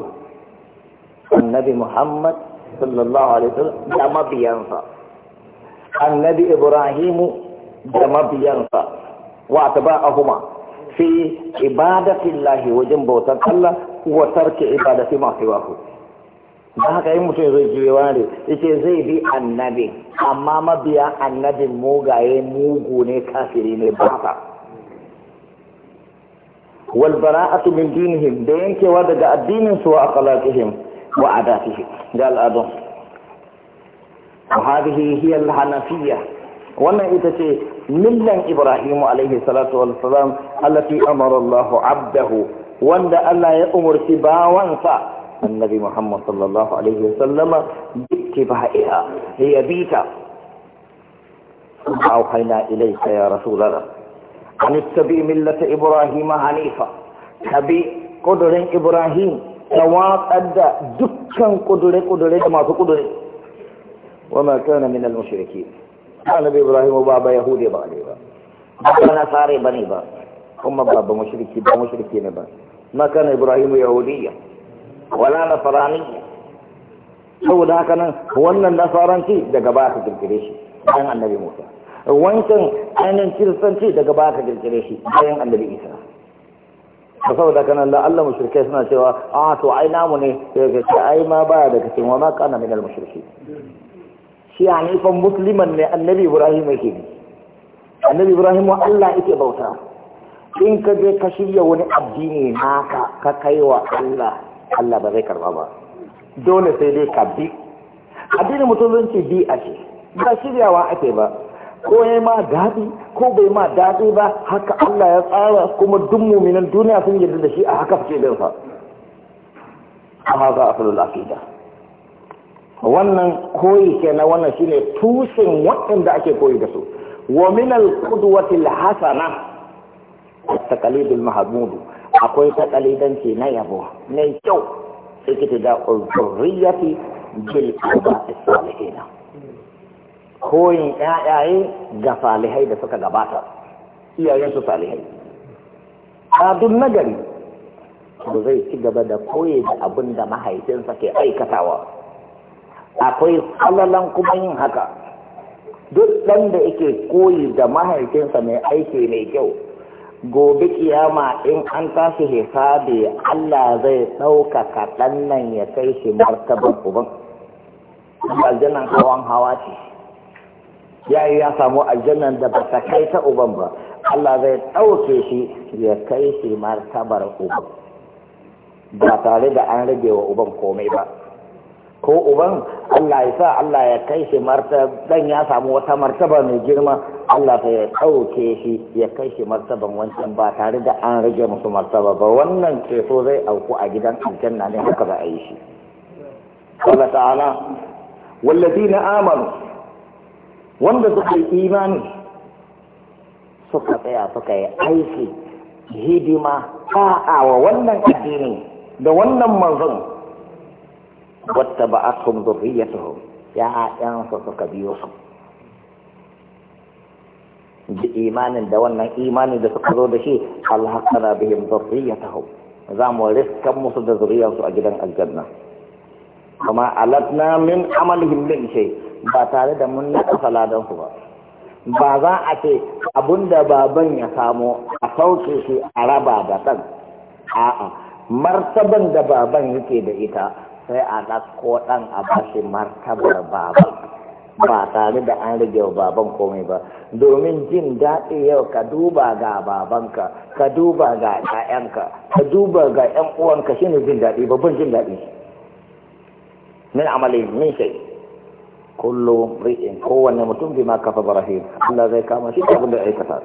annabi Muhammad sallallahu alaihi wasallam da mabiyansa annabi Ibrahimu da mabiyansa wa huma, fi ibadatillahi wajen bautan Allah wa tarki ibadati masu wahu. ba haka yi mutum zai ji ware yace zai bi annabi amma mabiya annabin mugaye mugu ne kafiri ne ba ka da yankewa daga addinin su wa akhlaqihim wa adatihim da al'adun wa hadhihi hiya al-hanafiyya wannan ita ce millan Ibrahim alaihi salatu abdahu wanda Allah ya umarci bawansa النبي محمد صلى الله عليه وسلم باتباعها هي بيك أوحينا إليك يا رسول الله أن اتبع ملة إبراهيم حنيفا تبي قدر إبراهيم أدى دكا قدر قدر ما قدر وما كان من المشركين كان إبراهيم بابا يهودي بعلي بابا نصاري بني بابا هم بابا مشركي بابا مشركين بابا ما كان إبراهيم يهوديا wala nasarani saboda haka nan wannan nasaranci daga ba ka kirkire shi bayan annabi musa wancan ainihin kiristanci daga ba ka kirkire shi bayan annabi isa da saboda haka nan la'alla mushrikai suna cewa a to ai namu ne daga ce ai ma baya daga cikin wa ma kana min al-mushriki shi hanifan musliman ne annabi ibrahim yake ne annabi ibrahim wa Allah yake bauta in ka je ka shirya wani addini naka ka kai wa Allah Allah ba zai karba ba dole sai dai ka bi addinin musulunci bi ce ba shiryawa ake ba ko ya ma daɗi ko bai ma daɗi ba haka Allah ya tsara kuma duk muminan duniya sun yarda da shi a haka fice din sa amma za a fulul aqida wannan koyi kenan wannan shine tushen waɗanda ake koyi da su wa min al qudwati al hasana at taqlid al akwai ta kalidanci na yabo mai kyau ikita da zurriyati bil ibadi salihina koyin ƴaƴaye ga salihai da suka gabata iyayen su salihai duk nagari da zai ci gaba da koyi da abin da mahaifinsa ke aikatawa akwai falalan kuma yin haka duk ɗan da yake koyi da mahaifinsa mai aiki mai kyau gobe kiyama in an tashi hisabi Allah zai ɗaukaka ɗan nan ya kai shi martabar uban aljannan hawan hawa ce ya yi ya samu aljannan da ba ta kai ta uban ba Allah zai ɗauke shi ya kai shi martabar uban ba tare da an rage wa uban komai ba ko uban Allah ya sa Allah ya kai shi dan ya samu wata martaba mai girma Allah ta ya ɗauke shi ya kai shi martaban wancan ba tare da an rage musu martaba ba wannan ceto zai auku a gidan aljanna ne haka ba a yi shi Allah ta'ala na amanu wanda suka yi imani suka tsaya suka yi aiki hidima ta'a wa wannan addini da wannan manzon wata ba a sun ɗan ya'yansa suka biyo su da imanin da wannan imanin da suka zo da shi alhaqana bihim zurriyatuhu za mu riskan musu da su a gidan aljanna kuma alatna min amalihim min shi ba tare da mun naɗa saladan su ba ba za a ce abinda baban ya samo a sauke shi a raba da ɗan a'a martaban da baban yake da ita sai a ɗasko ɗan a bashi martabar baban ba tare da an rage wa baban komai ba domin jin daɗi yau ka duba ga babanka ka duba ga ƴaƴanka ka duba ga ƴan uwanka shine jin daɗi babban jin daɗi min amali min shai kullu ri'in kowanne mutum ma kafa barahim Allah zai kama shi abin da aikata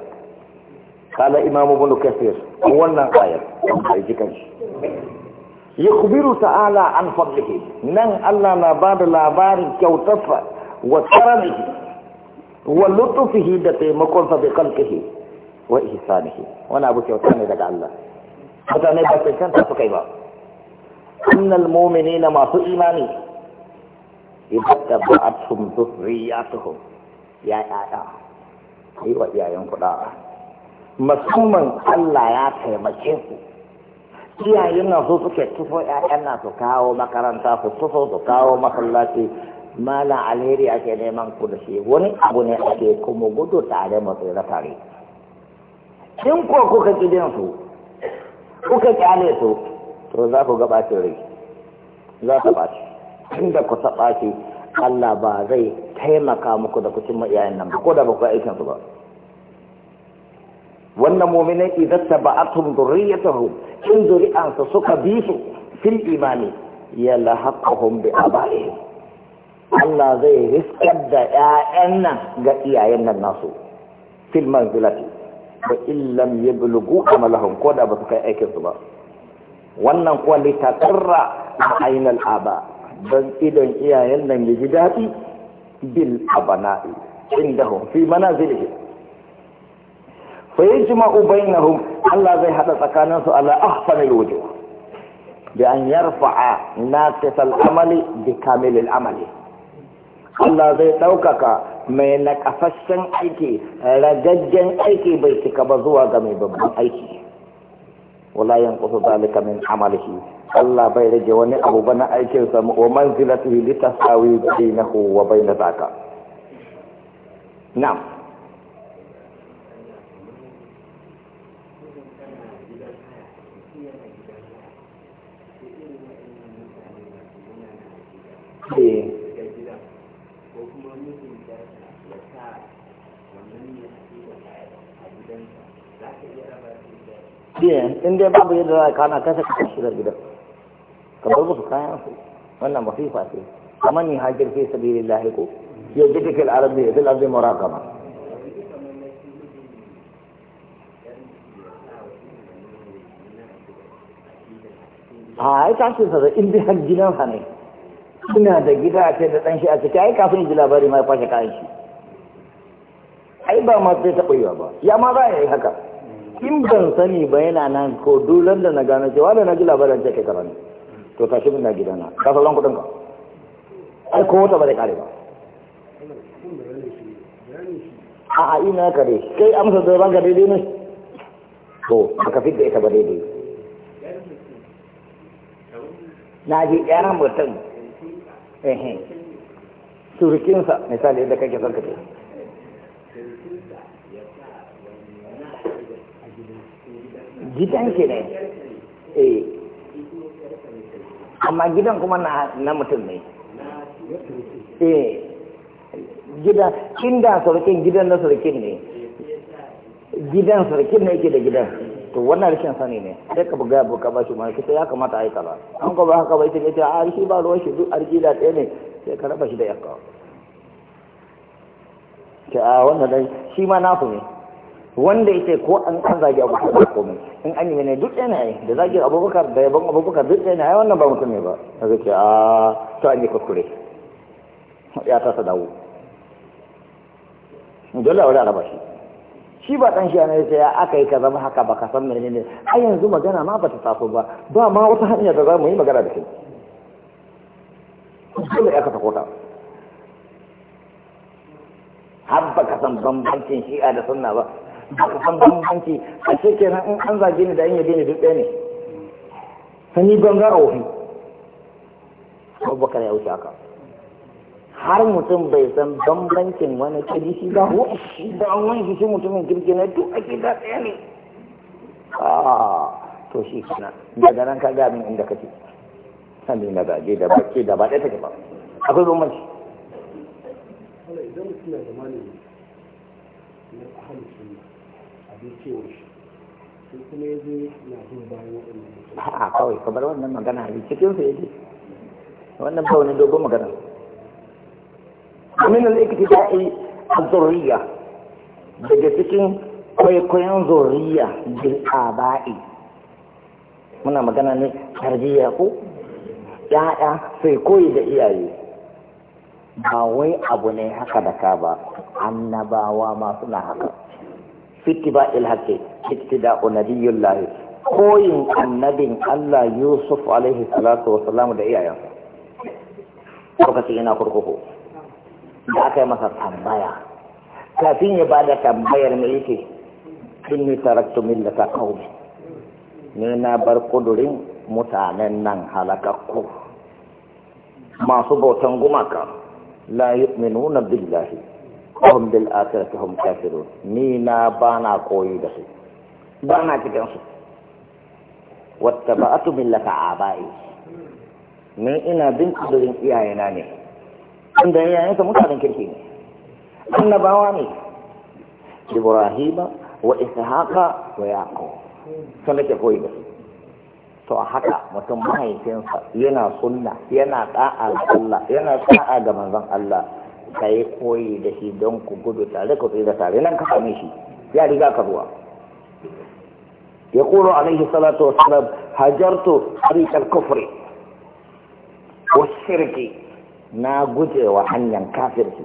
kala imamu ibn kafir wannan ayat ai jikan shi ya kubiru ta'ala an fadlihi nan Allah na ba da labarin kyautarsa wa tsaranihi wa lutufihi da taimakonsa bai kalkihi wa ihsanihi wani abu kyauta ne daga Allah mutane ba kai kanta suka yi ba annal mu'minina masu imani a ba'atum dhurriyatuhum ya tuho ya a yi wa iyayen ku Masu musamman Allah ya taimake ku iyayen na so suke tufo ƴaƴan na su kawo makaranta su tufo su kawo masallaci mala alheri ake neman ku da shi wani abu ne ake kuma gudu tare mu na tare in ko kuka kidan su kuka ƙyale su to za ku gaba rai za ta ɓaci inda ku ta ɓaci Allah ba zai taimaka muku da kucin iyayen nan ba ko da ba ku aikin su ba wannan mu'minai idan ya taho, in sa suka bi su fil imani ya lahaqahum bi abaihim Allah zai riskar da ƴaƴan nan ga iyayen nan nasu fil manzilati wa illam yablughu amalahum ko da ba su kai aikin su ba wannan kuwa a ainal aba dan idon iyayen nan ya ji daɗi bil abana'i indahum fi manazilihim fa na bainahum Allah zai hada tsakaninsu ala ahsanil wujuh bi an yarfa'a naqisal amali bi kamilil amali Allah zai ɗaukaka mai nakafashen aiki ragajjen aiki bai cika ba zuwa ga mai babban aiki wala yanqusu zalika min amalihi Allah bai rage wani abu ba na aikin sa wa manzilatihi litasawi bainahu wa bain zaka na'am biyan in dai babu yadda za a kana kasa ka shiga gidan ka bar musu kayan su wannan masifa ce amma ni hajjar fi lahi ko ya ji kake zai fil mara kama a yi tashin sa in dai har gidan sa ne ina da gida a ce da dan shi a ciki yi kafin ji labari ma ya kwashe kayan shi ai ba ma zai taɓa yiwa ba ya ma za a yi haka in ban sani ba yana nan ko dulan da na gano cewa da na ji labarin ce kai karani to tashi min na gidana ka sauran kudin ka ai ko wata ba zai kare ba a a ina kare kai amsa da ban ga daidai ne to aka da ita ba daidai na ji yaran mutum surukinsa misali yadda kake son ka ce gidan ki ne eh amma gidan kuma na mutum ne eh gida inda sarkin gidan na sarkin ne gidan sarkin ne yake da gidan to wannan rikin sani ne sai ka buga buka ba shi mai ya kamata a yi an ko ba haka ba ita ne ta arshi shi ba ruwan shi duk arjila ɗaya ne sai ka raba shi da yakka ta wannan dai shi ma naku ne wanda yake ko an an zagi abubakar da komai in an yi ne duk ɗaya yi da zagi abubakar da yabon abubakar duk ɗaya yi wannan ba mutum ne ba a zuke ce a ah, to an yi kuskure ya ta sa dawo dole a wuri araba shi shi ba ɗan shi ya yace ya aka yi ka zama haka ba ka san mene ne a yanzu magana ma ba ta taso ba ba ma wata hanya da za mu yi magana da shi dole ya ka sako ta har ka san bambancin shi'a da sunna ba da ku san bambanci a ce kenan in an zage ni da yin yabe ni duk ɗaya ne sani banza a wofi abubakar ya wuce haka har mutum bai san bambancin wani kiri shi ba wa shi ba an wani shi mutumin kirki na duk ake da ɗaya ne ah, to shi kana daga nan ka ga min inda kake sani na zage da bakke da ba ɗaya take ba akwai bambanci idan mutum ya zama ne na ahalin sunna a'a kawai ka bar wannan magana a cikin su yake wannan ba wani dogon magana min al-iktida'i a zurriya daga cikin kwaikwayon zurriya bil aba'i muna magana ne tarbiyya ko ya'ya sai koyi da iyaye ba wai abu ne haka da ka ba annabawa ma suna haka fitiba ilhaqi ittida'u lahi koyin annabin Allah Yusuf alaihi salatu wa salamu da iyayen lokacin yana kurkuku da aka yi masa tambaya kafin ya bada tambayar me yake inni taraktu millata qaumi ne na bar kudurin mutanen nan halakakku masu bautan gumaka la yu'minuna billahi wahum bil akhirati hum kafirun ni na bana koyi da su bana cikin su wattaba'atu millata aba'i ni ina bin kudurin iyayena ne inda iyayensa mutanen kirki ne annabawa ne ibrahima wa ishaqa wa yaqub sun ke koyi da su to a haka mutum mahaifinsa yana sunna yana da'a Allah yana sa'a ga manzon Allah kai yi koyi da shi don ku gudu tare ku tsira tare nan ka same shi ya riga ka zuwa ya kuro alaihi salatu wasalam hajartu harikar kufr wa shirki na guje wa hanyar kafirci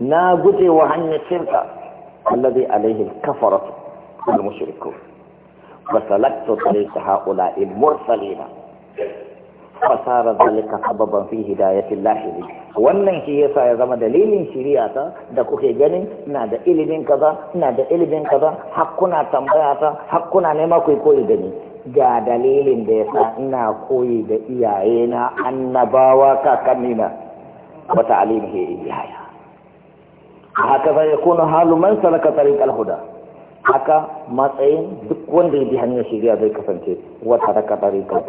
na guje wa hanyar shirka alladhi alaihi kafarat al-mushrikun wa salaktu tariqa haula al-mursalina fasara zalika sababan fi hidayatin lahiri wannan shi yasa ya zama dalilin shari'a ta da kuke ganin ina da ilimin kaza ina da ilimin kaza hakkuna tambaya ta hakkuna nema ku koyi da ni ga dalilin da yasa ina koyi da iyayena annabawa kakannina wa ta'limihi iyaya haka zai yakunu halu man salaka tariqal huda haka matsayin duk wanda ya bi hanyar shari'a zai kasance wata daga kadari kan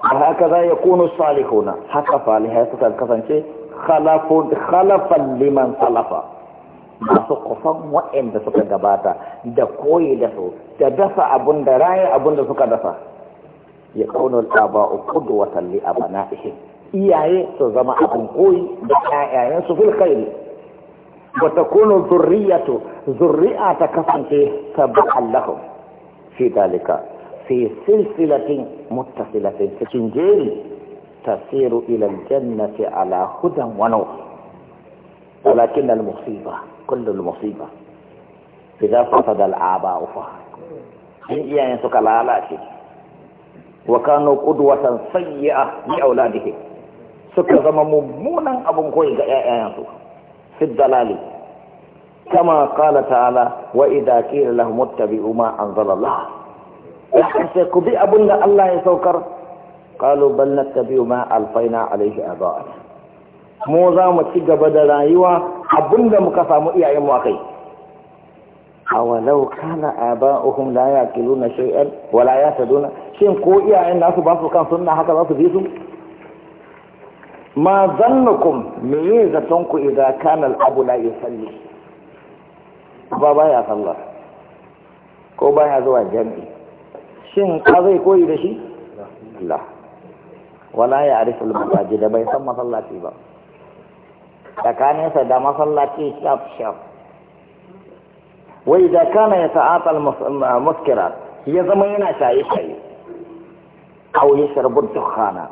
ya kunu الصالحون حق Haka تتكفن suka kasance khalafan liman salafa. masu kusan waɗanda suka gabata da koyi da su da dasa abun da raye abun da suka dasa ya kaunar ɗaba uku da watan li'aba iyaye su zama abin koyi da ƴaƴayen su fil khairi wa takunu zurriyatu zurri'a ta kasance sabba allahu fi dalika في سلسلة متصلة فالإنجيل تسير إلى الجنة على هدى ونور ولكن المصيبة كل المصيبة إذا فقد الآباء فهم هي أن تكال وكانوا قدوة سيئة لأولادهم سكر زم ممونا أبو كوي في الضلال كما قال تعالى وإذا قيل لهم اتبعوا ما أنزل الله ce ku bi abin da Allah ya saukar na ta biyu ma alfaina alaihi aba'ana mu za mu ci gaba da rayuwa abin da muka samu iyayen mu akai awalau kana aba'uhum la yaqiluna shay'an wa la yahtaduna shin ko iyayen nasu ba su kan sunna haka za su bi su ma zannukum meye zaton ku idan kana al-abu la salli. ba ya sallah ko ba ya zuwa jami'i shin ka zai koyi da shi la wala ya arifu al-masajid bai san masallaci ba tsakaninsa da masallaci shaf shaf wai da kana ya ta'ata al-muskira ya zama yana shaye shaye aw sharbu dukhana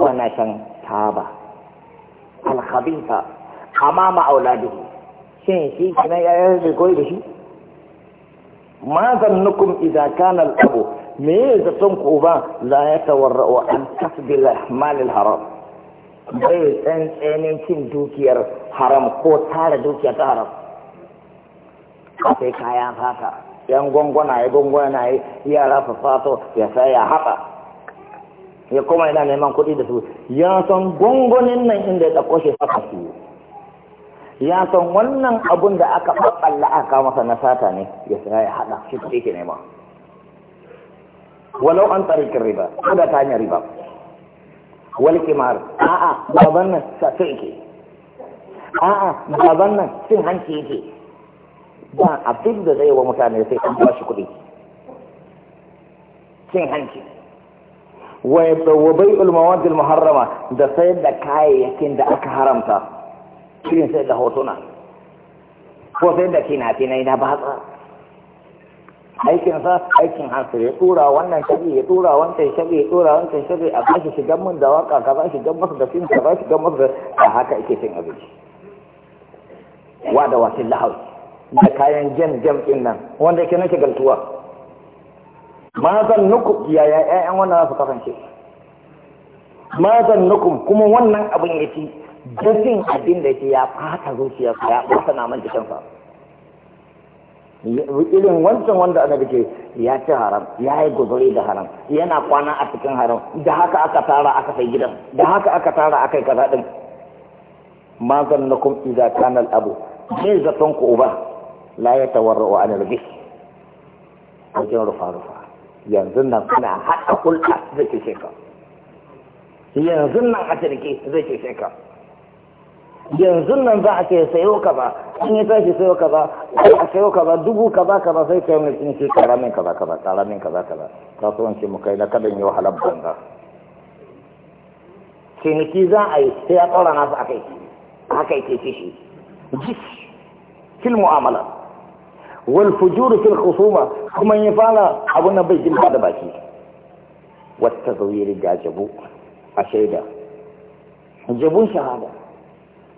wana shan taba al-khabitha amama auladihi shin shi kina ya yi koyi da shi ma zannukum idza kana al-abu me ya zaton ku ba za ya tawarra wa an malil haram bai tsantsanin cin dukiyar haram ko tara dukiyar ta haram sai kayan fata yan gwangwana ya gwangwana ya yara fasato ya sai ya haɓa ya kuma yana neman kuɗi da su ya san gwangwanin nan inda ya ɗauko shi saka su ya san wannan abun da aka ɓaɓɓalla aka masa na sata ne ya sai ya haɗa shi kuɗi ke nema walau an tarikin riba ko da ta riba wali kimar a'a baban nan sace yake a'a baban nan cin hanci yake ba abin da zai wa mutane sai an ba shi kuɗi cin hanci wa bai ulmawad muharrama da sayar da kayayyakin da aka haramta shirin sai da hotuna ko sayar da kinafinai na batsa aikin sa aikin hansa ya tura wannan shabi ya tura wancan shabi ya tura wancan shabi a bashi shigan mun da waka ka bashi shigan masu da fim ka bashi shigan masu da a haka ake cin abinci wa da wasin lahau da kayan jam jam din nan wanda yake nake galtuwa ma zan nuku yaya ƴaƴan wannan za su kasance ma zan nuku kuma wannan abin ya ci Jirgin abin da yake ya fata zuciyarsa ya ɓata na man jikinsa irin wancan wanda annabi ke ya ci haram ya yi guzuri da haram yana kwana a cikin haram da haka aka tara aka kai gidan da haka aka tara aka kai kaza din ma zannakum idza kana al-abu zai zaton ku uba la yatawarra'u an rubi a wajen rufa rufa yanzu nan kuna haɗa hulɗa zai ce shekar yanzu nan a cikin zai ce shekar yanzu nan za a ce sayo ka ba in yi tashi sayo ka ba a sayo ka ba dubu ka ba ka ba sai kai mai tsinci karamin ka ba ka ba karamin ka ba ka ba kasuwanci mu kai na kadan yi halar banza ciniki za a yi sai a tsara nasu a kai A kai ce shi jis fil mu'amala wal fujur fil khusuma kuma in fara abu na bai jin da baki wata zawiri da jabu a shaida jabun shahada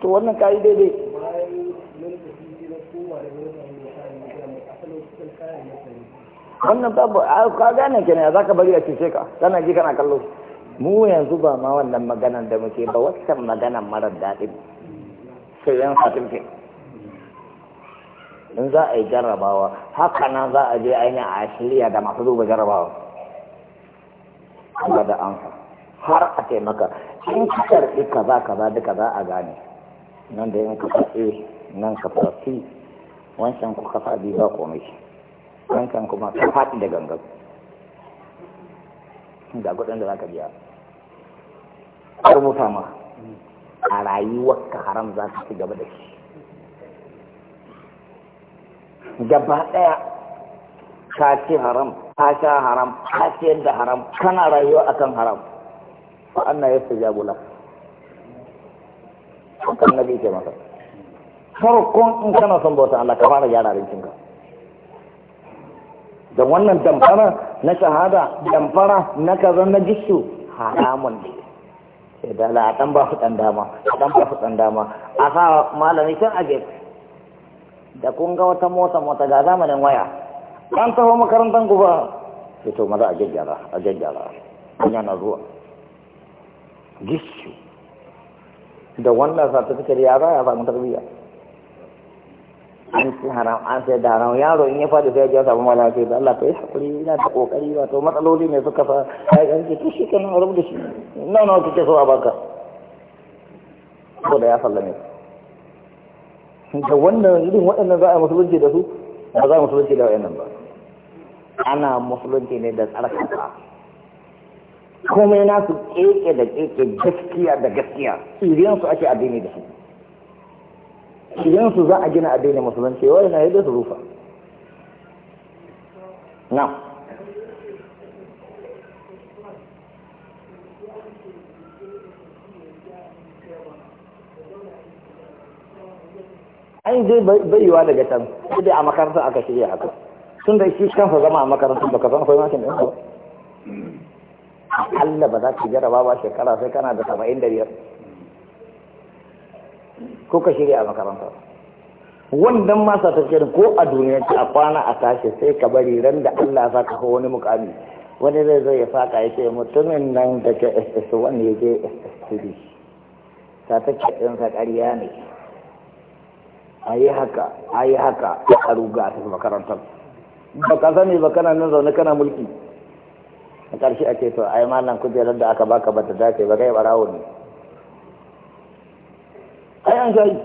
to wannan kayi daidai wannan babu ka gane ke ne za ka bari a cece ka kana ji kana kallo mu yanzu ba ma wannan maganan da muke ba wancan maganan marar daɗin sai yan ke in za a yi jarrabawa haka nan za a je ainihin a shirya da masu zuba jarrabawa ba da amsa har a taimaka in ka karɓi ka ba duka kaza a gane nan da yin kafa a nan kafa c wancan ku kafa b ba komai wancan kuma ka faɗi da gangan ga kudin da za ka biya a rubuta ma a rayuwar ka haram za ka ci gaba da shi gaba ɗaya ka ci haram ka sha haram ka ciyar da haram kana rayuwa akan haram fa anna yastajabu lak kan nabi ke maka ko in kana son bauta Allah ka fara gyara rinkin ka da wannan damfara na shahada damfara na kaza na gishu haramun ne sai da la dan ba su dan dama dan ba su dan dama a sa malami kan age da kun ga wata mota mota ga zamanin waya an taho makarantar ku ba sai to maza a jajjara a jajjara yana zuwa gishu da wannan certificate ya za ya samu tarbiyya an ci haram an sai da haram yaro in ya fadi sai ya jawo sabon malama sai da Allah ta yi haƙuri ina da ƙoƙari ba to matsaloli ne suka fa ya yi ce to shi kan rabu da shi nawa nawa kike so a baka ko da ya sallame da wannan irin waɗannan za a musulunci da su ba za a musulunci da waɗannan ba ana musulunci ne da tsarkaka komai nasu keke da keke gaskiya da gaskiya iriyan su ake addini da su iriyan su za a gina addini musulunci wai na yadda su rufa na an je baiwa daga can sai a makaranta aka shirya haka tun da shi kansa zama a makaranta baka san akwai makin ɗin ba akalla ba za ka jaraba ba shekara sai kana da saba'in da biyar ko ka shirya a makaranta wannan ma certificate ko a duniya ce a kwana a tashi sai ka bari ran da Allah ya saka ko wani mukami wani zai zo ya saka ya ce mutumin nan da ke SS1 ya je SS3 certificate ɗin sa ƙarya ne a yi haka a yi haka a ruga a tafi makarantar ba ka sani ba kana nan zaune kana mulki a ƙarshe a ce to ai malam kujerar da aka baka bata dace ba kai barawo ne ai an sai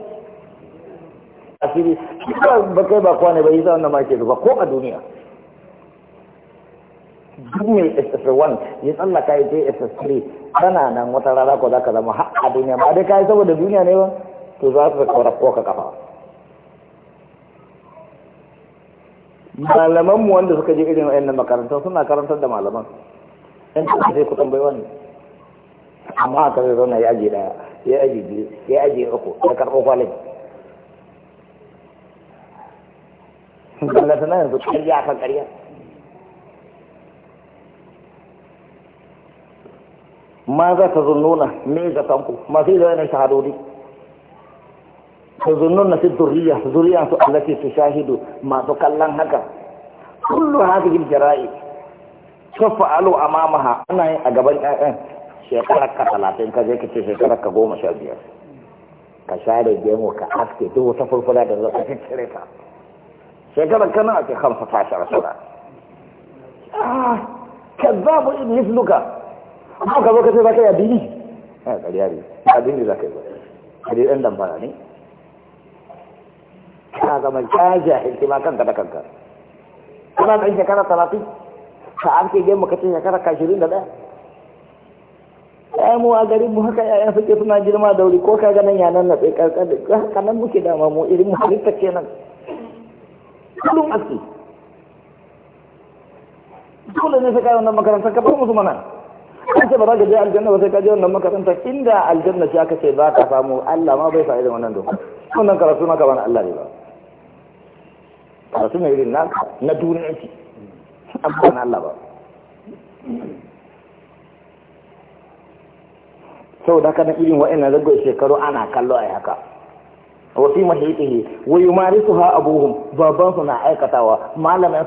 asiri ba kai ba kwane ba yasa wannan ma ke ba ko a duniya duk mai SS1 ya tsallaka ya je SS3 kana nan wata rana ko za ka zama har a duniya ba dai ka yi saboda duniya ne ba to za su kawar ko ka kafa malamanmu wanda suka je irin wayannan makarantar suna karantar da malaman in ka sai ku tambayi wani. amma aka zai zauna ya ajiye daya ya ajiye biyu ya ajiye uku ya karɓo kwalin Allah na yanzu ya kan ƙarya ma za ta zunnuna me ga ta ma masu yi zanen shahadodi ta zunnuna fi zuriya zuriya su allati su shahidu masu kallon haka kullu hadhihi jara'i tafa alo a mamaha ana yin a gaban ƴaƴan shekarar ka talatin ka je ka ce shekarar ka goma sha biyar ka share gemu ka aske duk wata furfura da zaka fi cire ta shekarar kana a ce hamsa ta shara sana ah, ka zabu in yi luka amma ka zo ka ce za ka yi addini a eh, ƙarya ne addini za ka yi ba ƙarya ɗan damfara ne ka zama ka jahilci ma kanka da kanka kana ɗan shekara talatin ka arke gai maka ce shekara ka shirin da ɗaya ɗaya mu a gari mu haka yayan suke suna girma da wuri ko ka ga nan yanan na tsaye karkar da haka nan muke dama mu irin mu halitta ce nan kullum aski dole ne sai ka yi wannan ka bar musu mana an ce ba za ka je aljanna ba sai ka je wannan makaranta inda aljanna ce aka ce ba ka samu Allah ma bai fa'ida wannan doka wannan karatu na ka bana Allah ne ba karatu na irin na duniya ce amfani Allah ba sau da kanan irin wa'annan zagon shekaru ana kallo a haka wafi mahitihi wa yumarisu ha abuhum babansu na aikatawa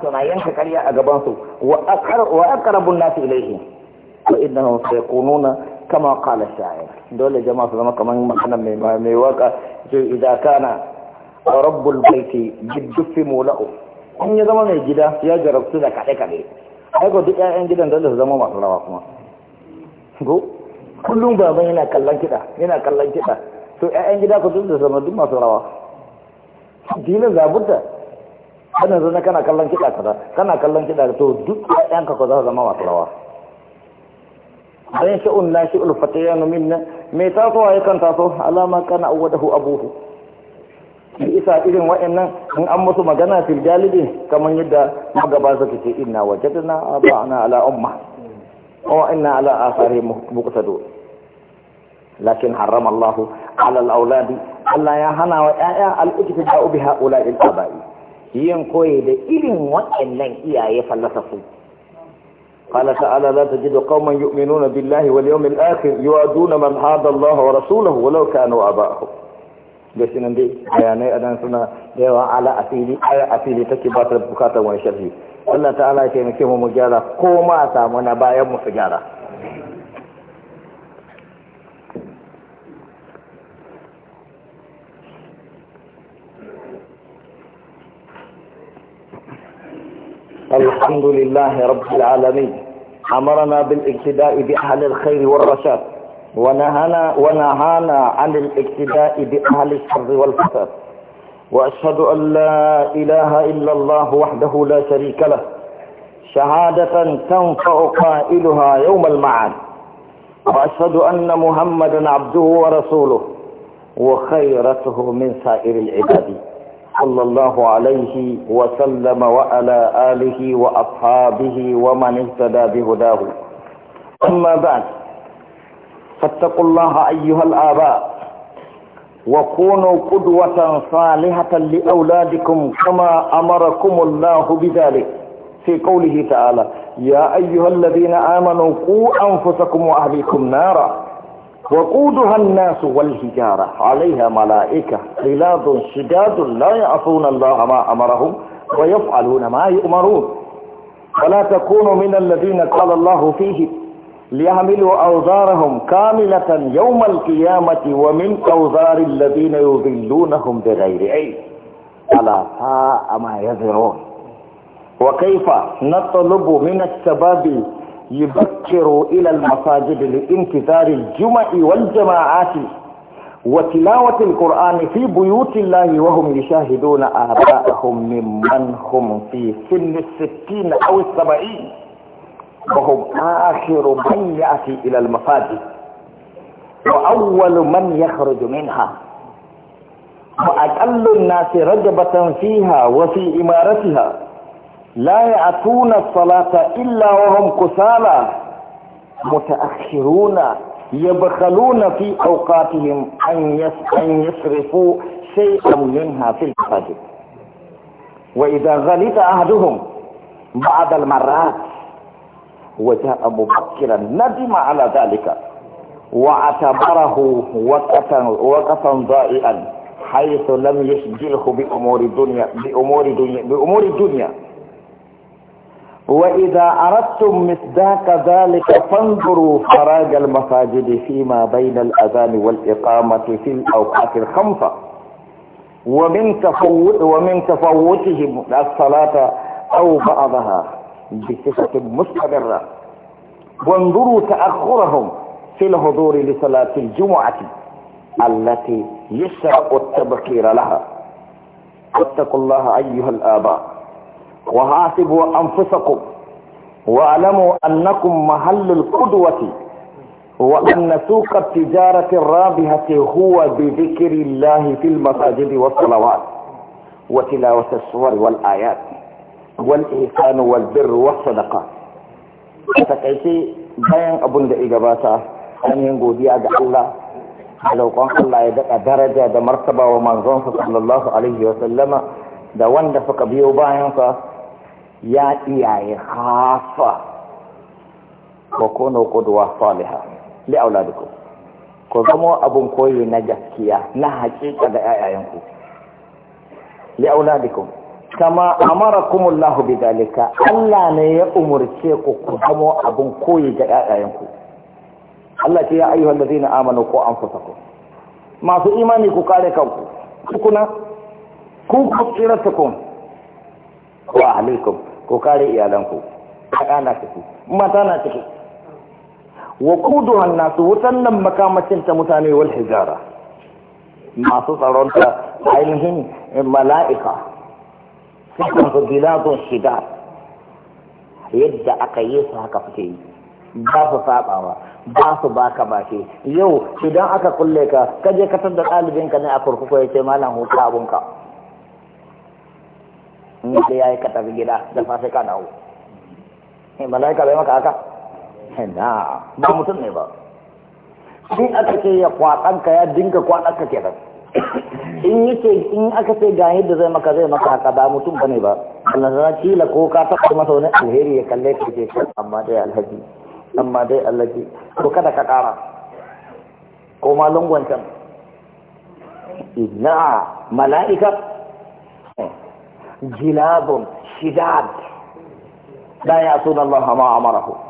su na yanka karya a gabansu wa aqrabun nasu ilayhi wa innahum sayakununa kama qala sha'ir dole jama'a su zama kamar maganar mai mai waka ce idan kana rabbul baiti jiddufi mula'u an yi zama mai gida ya jarabtu da kaɗe-kaɗe aiko duk 'ya'yan gidan dole su zama masu rawa kuma go kullum baban yana kallon kiɗa yana kallon kiɗa to 'ya'yan gida ku duk da zama duk masu rawa dinin zabuta kana zana kana kallon kiɗa kaza kana kallon kiɗa to duk ka ku za su zama masu rawa dan sha'un ulfata ya nomin nan mai tasowa kan taso alama kana awwadahu abubu isa irin wa'annan in an musu magana fil galibi kamar yadda magaba suka ce inna wajadna abana ala umma wa inna ala asari muqtadu lakin harrama Allah ala al-auladi Allah ya hana wa ƴaƴa al-iktifa bi haula al-abai yin koyi da irin wa'annan iyaye fallasafu قال تعالى لا تجد قوما يؤمنون بالله واليوم الآخر يوادون من هاد الله ورسوله ولو كانوا آباءهم da shi nan dai bayanai a nan suna da yawa ala asili aya asili take ba ta bukatar wani sharhi Allah ta'ala ya taimake mu mu gyara ko ma a samu na bayan mu su gyara الحمد لله رب العالمين أمرنا بالاقتداء بأهل الخير والرشاد ونهانا, ونهانا عن الاقتداء بأهل الشر والفساد وأشهد أن لا إله إلا الله وحده لا شريك له شهادة تنفع قائلها يوم المعاد وأشهد أن محمدا عبده ورسوله وخيرته من سائر العباد صلى الله عليه وسلم وعلى آله وأصحابه ومن اهتدى بهداه أما بعد فاتقوا الله أيها الآباء وكونوا قدوة صالحة لأولادكم كما أمركم الله بذلك في قوله تعالى يا أيها الذين آمنوا قوا أنفسكم وأهليكم نارا وقودها الناس والحجارة عليها ملائكة غلاظ شداد لا يعصون الله ما أمرهم ويفعلون ما يؤمرون ولا تكونوا من الذين قال الله فيه ليحملوا أوزارهم كاملة يوم القيامة ومن أوزار الذين يضلونهم بغير علم ألا ساء ما يذرون وكيف نطلب من الشباب يبكروا إلى المساجد لانتظار الجمع والجماعات وتلاوة القرآن في بيوت الله وهم يشاهدون آباءهم ممن هم في سن الستين أو السبعين وهم آخر من يأتي إلى المساجد وأول من يخرج منها وأقل الناس رجبة فيها وفي إمارتها لا يأتون الصلاة إلا وهم كسالى متأخرون يبخلون في أوقاتهم أن يصرفوا شيئا منها في المساجد وإذا غلط أحدهم بعض المرات وجاء مبكرا ندم على ذلك واعتبره وقتا وقتا ضائعا حيث لم يشبعه بأمور الدنيا بأمور الدنيا بأمور الدنيا وإذا أردتم مصداق ذلك فانظروا فراج المساجد فيما بين الأذان والإقامة في الأوقات الخمسة ومن تفوت ومن تفوتهم الصلاة أو بعضها بصفة مستمرة وانظروا تأخرهم في الحضور لصلاة الجمعة التي يسرع التبكير لها واتقوا الله أيها الآباء وحاسبوا أنفسكم واعلموا أنكم محل القدوة وأن سوق التجارة الرابحة هو بذكر الله في المساجد والصلوات وتلاوة السور والآيات wal ihsan wal birr was sadaqa takaice bayan abun da ya gabata an yi godiya ga Allah a roƙon Allah ya daɗa daraja da martaba wa sallallahu alaihi wa sallama da wanda suka biyo bayansa ya iyaye hafa wa kono qudwa salihah li auladikum ku zamo abun koyi na gaskiya na haƙiƙa da 'ya'yayanku li auladikum kama bi bidalika Allah ne ya umurce ku ku zamo abin koyi ga ƴaƴayenku Allah ce ya ayyuhal ladina amanu ku anfusakum masu imani ku kare kanku kuna ku ku tsiratukum wa ahlikum ku kare iyalanku ƴaƴa na ciki mata na ciki wa quduha nasu wutan nan makamacin ta mutane wal hijara masu tsaron ta ainihin mala'ika sukan su bilazun shiga yadda aka yi su haka suke yi ba su sabawa ba su baka bashi yau idan aka kulle ka kaje ka da ɗalibinka ne a kurkuku ya ce malam hutu ka ne ya yi ka tafi gida da fasai ka dawo eh, mala'ika bai maka haka eh, na ba mutum ne ba shi aka ce ya kwaɗanka ya dinka kwaɗanka kenan in yace in aka ce ga yadda zai maka zai maka haka ba mutum ne ba Allah zana kila ko ka taɓa masa wani alheri ya kalle ka ce amma dai alhaji amma dai alhaji ko kada ka ƙara ko ma lungon can ina mala'ika jilabun shidad da ya sunan Allah ma amarahu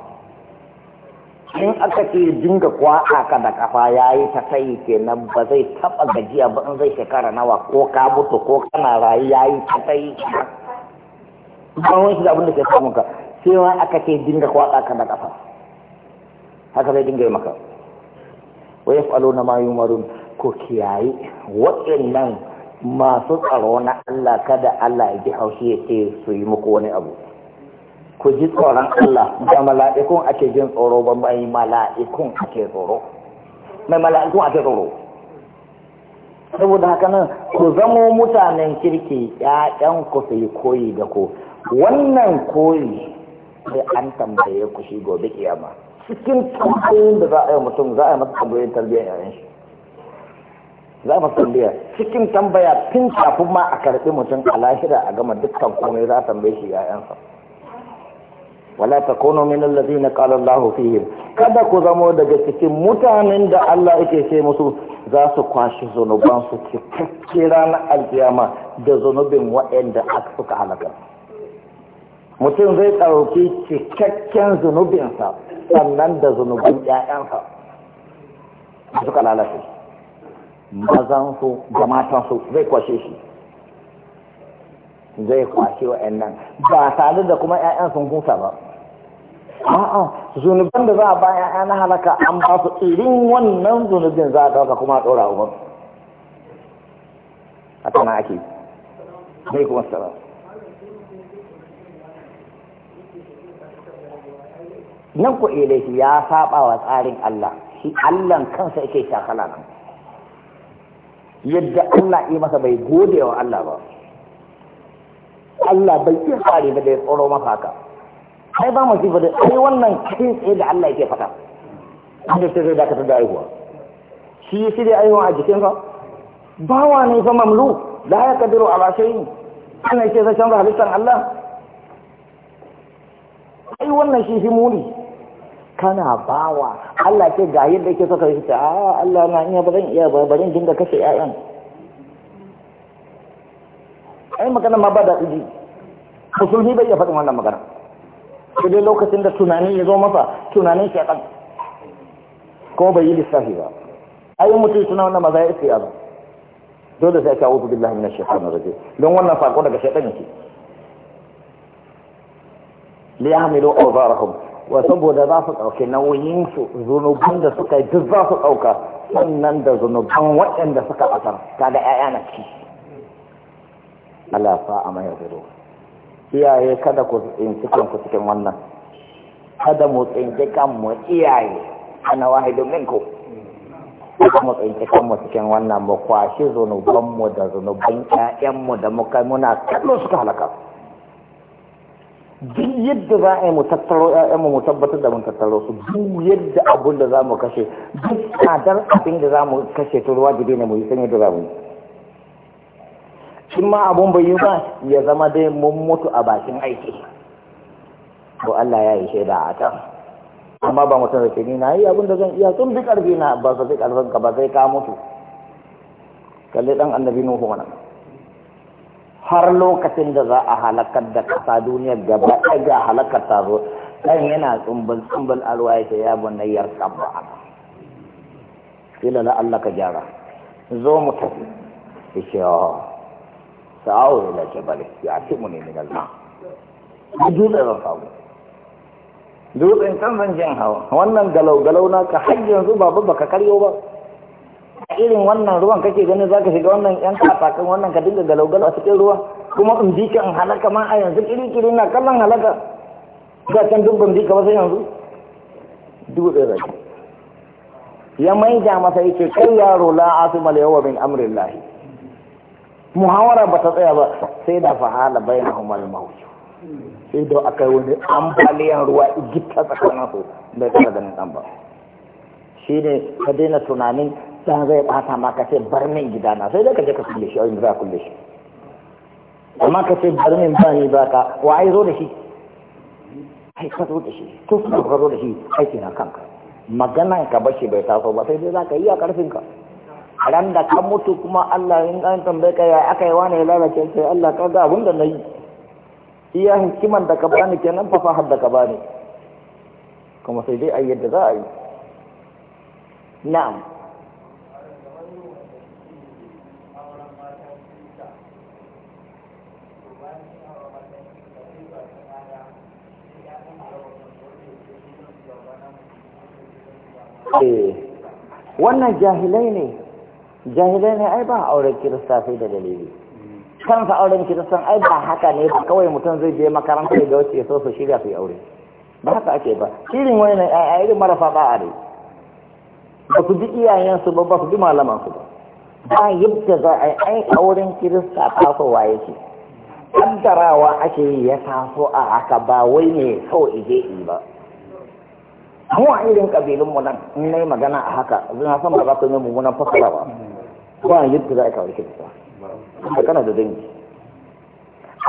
in aka ce dinga kwaɗa ka da kafa ya yi ta kai kenan ba zai taɓa gajiya ba in zai shekara nawa ko ka mutu ko kana rayu ya yi ta kai ba wani shi da abin da ke samun ka sai wani aka ce dinga kwaɗa ka da kafa haka zai dinga yi maka Wai ya falo na mayu marun ko kiyaye waɗannan masu tsaro na Allah kada Allah ya ji haushi ya ce su yi muku wani abu ku ji tsoron Allah da mala'ikun ake jin tsoro ba mai mala'ikun ake tsoro mai mala'ikun ake tsoro saboda haka nan ku zamo mutanen kirki ƴaƴan ku su yi koyi da ku wannan koyi sai an tambaye ku shi gobe kiyama cikin tambayoyin da za a yi mutum za a yi masa tambayoyin tarbiyyar yayin shi za a masa tambaya cikin tambaya tun kafin ma a karɓi mutum a lahira a gama dukkan komai za a tambaye shi yayansa wala takunu min na qala Allahu fihim kada ku zamo daga cikin mutanen da Allah yake ce musu za su kwashi zunuban su cikakke ranar alkiyama da zunubin waɗanda aka suka halaka mutum zai ɗauki cikakken zunubinsa sannan da zunubin ƴaƴansa suka lalace mazansu da matansu zai kwashe shi zai kwashe nan ba tare da kuma 'ya'yansu sun huta ba a'a zunuban da za a baya na halaka an ba su irin wannan zunubin za a ɗauka kuma a ɗora umar a tana ake bai kuma sara nan ku ilaihi eh ya saba wa tsarin Allah shi Allah kansa yake shakala nan yadda Allah yi masa bai gode wa Allah ba Allah bai yi tsari da ya tsoro masa haka kai ba ba da ai wannan kai tsaye da Allah yake faɗa wanda sai da dakatar da aihuwa shi yi shirya aihuwa a jikinsa bawa ne fa mamlu la ya kadiru ala yi? ana yake sa canza halittar Allah ai wannan shi shi muni kana bawa Allah ce ga yadda yake saka shi a Allah na iya ba zan iya ba bari dinga kashe ƴaƴan ai magana ma ba da uji musulmi bai iya faɗin wannan magana sai dai lokacin da tunanin ya zo masa tunanin kan. kuma bai yi lissafi ba ai mutum suna wannan maza ya ya zo dole sai ka wuzu billahi minash na rajim don wannan sako daga shaitan yake li yahmilu awzarahum wa saboda za su ɗauke nauyin su zunubin da suka yi duk za su ɗauka sannan da zunubin waɗanda suka ɓatar ta da ‘ya'ya na ci Allah fa'a mai yadda iyaye kada ku tsinci kanku cikin wannan kada mu tsinci kanmu iyaye ana domin ku kada mu tsinci kanmu cikin wannan mu kwashi zunubanmu da zunuban ƴaƴanmu da muka muna kallo suka halaka duk yadda za a yi mu tattaro ƴaƴanmu mu tabbatar da mun tattaro su duk yadda abin da za mu kashe duk tsadar abin da za mu kashe to wajibi ne mu yi sanye da za mu yi shi ma abun bai yi ba ya zama dai mun mutu a bakin aiki Ko Allah ya yi shaida a kan amma ba mutum da ni na yi abin da zan iya sun bi karfi na ba su fi karfin ka ba sai ka mutu kalli dan annabi nuhu mana har lokacin da za a halakar da kasa duniya gaba ɗaya halakar ta zo dan yana tsumbul tsumbul alwa ya ya bunayyar kabba kila la Allah ka gyara zo mu tafi ya oh. sa'awo ya jabal yasimuni ni al-ma dutse zan samu dutsen kan zan jin hawa wannan galau galau na ka har yanzu babu baka karyo ba irin wannan ruwan kake ganin zaka shiga wannan yan katakan wannan ka dinga galau galau a cikin ruwa kuma in bi ka in halaka ma a yanzu kiri kiri na kallon halaka ga can duk ban bi ka ba sai yanzu dutse zan ya da masa yake kai yaro la asima la yawa min muhawara ba ta tsaya ba sai da fahala bayan umar mawuce sai da aka yi wani ambaliyan ruwa igita tsakanin su da kasa ganin ɗan ba shi ne ka daina tunanin ɗan zai ɓata ma ka ce bar min gidana sai da ka je ka kulle shi a yanzu za a kulle shi amma ka ce bar min ba ni ba ka wa ai zo da shi ai ka zo da shi tun ka zo da shi aiki na kanka maganan ka bashi bai taso ba sai dai za ka yi a ƙarfinka ran da ka mutu kuma Allah in an tambaye ka ya aka yi wani ya lalace sai Allah ka ga abin da na yi iya hikiman da ka bani kenan fasahar da ka bani kuma sai dai a yadda za a yi na'am eh, wannan jahilai ne jahilai ne ai ba auren kirista sai da dalili kansa auren kiristan ai ba haka ne ba kawai mutum zai je makaranta ya ga wacce so su shirya su yi aure ba haka ake ba shirin wani ne a irin marasa ba a ne ba su bi iyayensu ba ba su bi malamansu ba ba yadda za a yi ai auren kirista wa yake kaddarawa ake yi ya taso a haka ba wai ne kawai ije yi ba mu a irin kabilunmu nan in na yi magana a haka zina san ba za ku yi mummunan fasara ba ba yadda za ka warke da ta kuma kana da dangi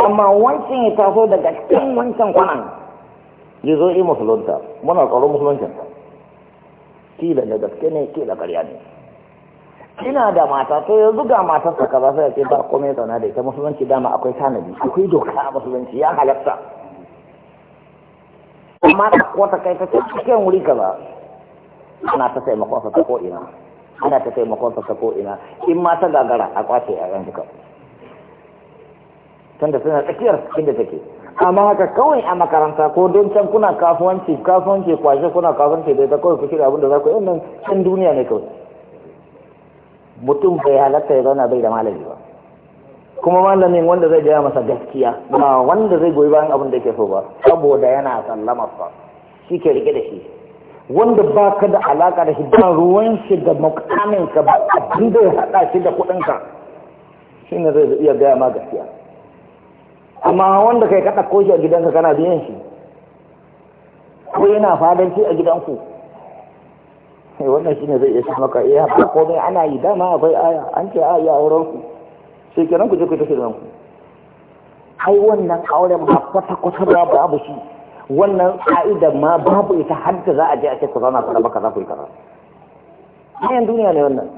amma wancan ya taso daga cikin wancan kwanan ya zo yi musulunta muna tsaron musuluncin kila da gaske ne kila karya ne ina da mata to ya zuga mata sa kaza sai ce ba komai zauna da ita musulunci dama akwai tanadi akwai doka a musulunci ya halatta amma ta kai ta cikin wuri kaza ana ta taimakon sa ta ko ina ana ta taimakon sa ta ko ina in ma ta gagara a kwace yayan duka tunda suna tsakiyar inda take amma haka kawai a makaranta ko don can kuna kasuwanci kasuwanci kwashe kuna kasuwanci da ita kawai ku shirya abin da za ku yi nan can duniya ne kawai mutum bai halatta ya zauna bai da malami ba kuma malamin wanda zai gaya masa gaskiya ba wanda zai goyi bayan abin da yake so ba saboda yana sallama fa shi ke rike da shi wanda ba ka da alaka da shi ba ruwan shi da mukaminka ba abin da ya haɗa shi da kuɗinka shi ne zai iya gaya ma gaskiya amma wanda kai ka ɗauko shi a gidanka kana biyan shi ko yana shi a gidanku eh, wannan shi ne zai iya maka iya eh, ba komai ana yi dama akwai aya an ce a iya auren ku sai kenan ku je ku tafi da ku ai wannan auren ba kwata-kwata babu shi wannan ka'idar ma babu ita har da za a je a ce ka zauna ku raba kaza ku yi kaza ayan duniya ne wannan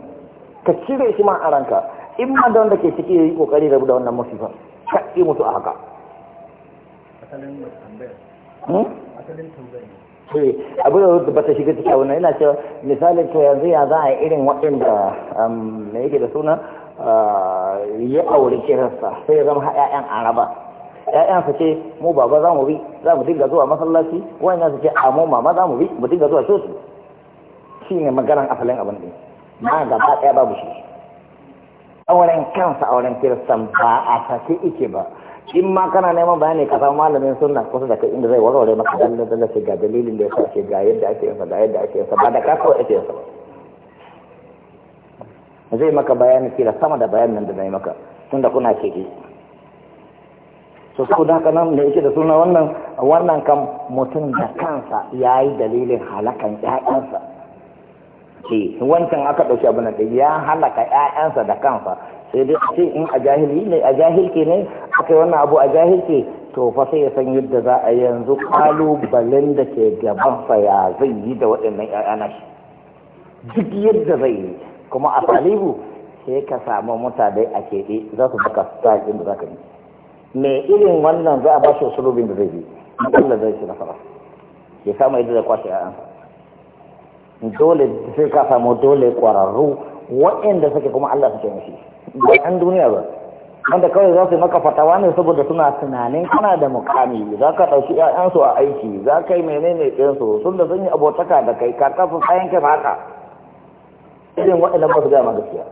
ka cire shi ma a ranka in ma da wanda ke ciki yi kokari rabu da wannan masifa ka yi mutu a haka hmm? eh, abu da ba ta shiga cikin wannan ina cewa misalin to yanzu ya za a yi irin waɗanda mai um, yake da suna ah, ya aure kirarsa sai ya zama 'ya'yan araba ƴaƴan su ce mu baba za mu bi za mu dinga zuwa masallaci wayan su ce a mu mama za mu bi mu dinga zuwa su shi ne maganan asalin abin din da ba ɗaya babu shi auren kansa auren kiristan ba a sake ike ba in ma kana neman bayani ka samu malamin sunna kusa da kai inda zai warware maka dalilin da sai ga dalilin da ya sa ga yadda ake yin sa ga yadda ake yin sa ba da ka kawai ake yin sa ba zai maka bayani kila sama da bayanin da na yi maka tunda kuna keke to ko da kanan da yake da suna wannan wannan kan mutum da kansa ya yi dalilin halakan ƴaƴansa ce eh, wancan aka ɗauki abu na ya halaka ƴaƴansa da kansa sai dai ce in a jahili ne a jahilke ne aka yi wannan abu a jahilke to fa sai ya san yadda za a yanzu kalubalen da ke gabansa ya zai yi da waɗannan ƴaƴana shi duk yadda zai yi kuma a salihu sai ka samu mutane a keɗe za su baka sa'in da za ka yi mai irin wannan za a ba shi rubin da zai bi Allah zai shi nasara ya samu yadda da kwashe ayansa dole sai ka samu dole kwararru waɗanda suke kuma Allah suke mashi ba ɗan duniya ba wanda kawai za su maka fatawa ne saboda suna tunanin kana da mukami za ka ɗauki ‘ya'yansu a aiki za ka yi menene ɗinsu sun da sun yi abotaka da kai ka su sayan kai haka irin waɗanda ba su gama gaskiya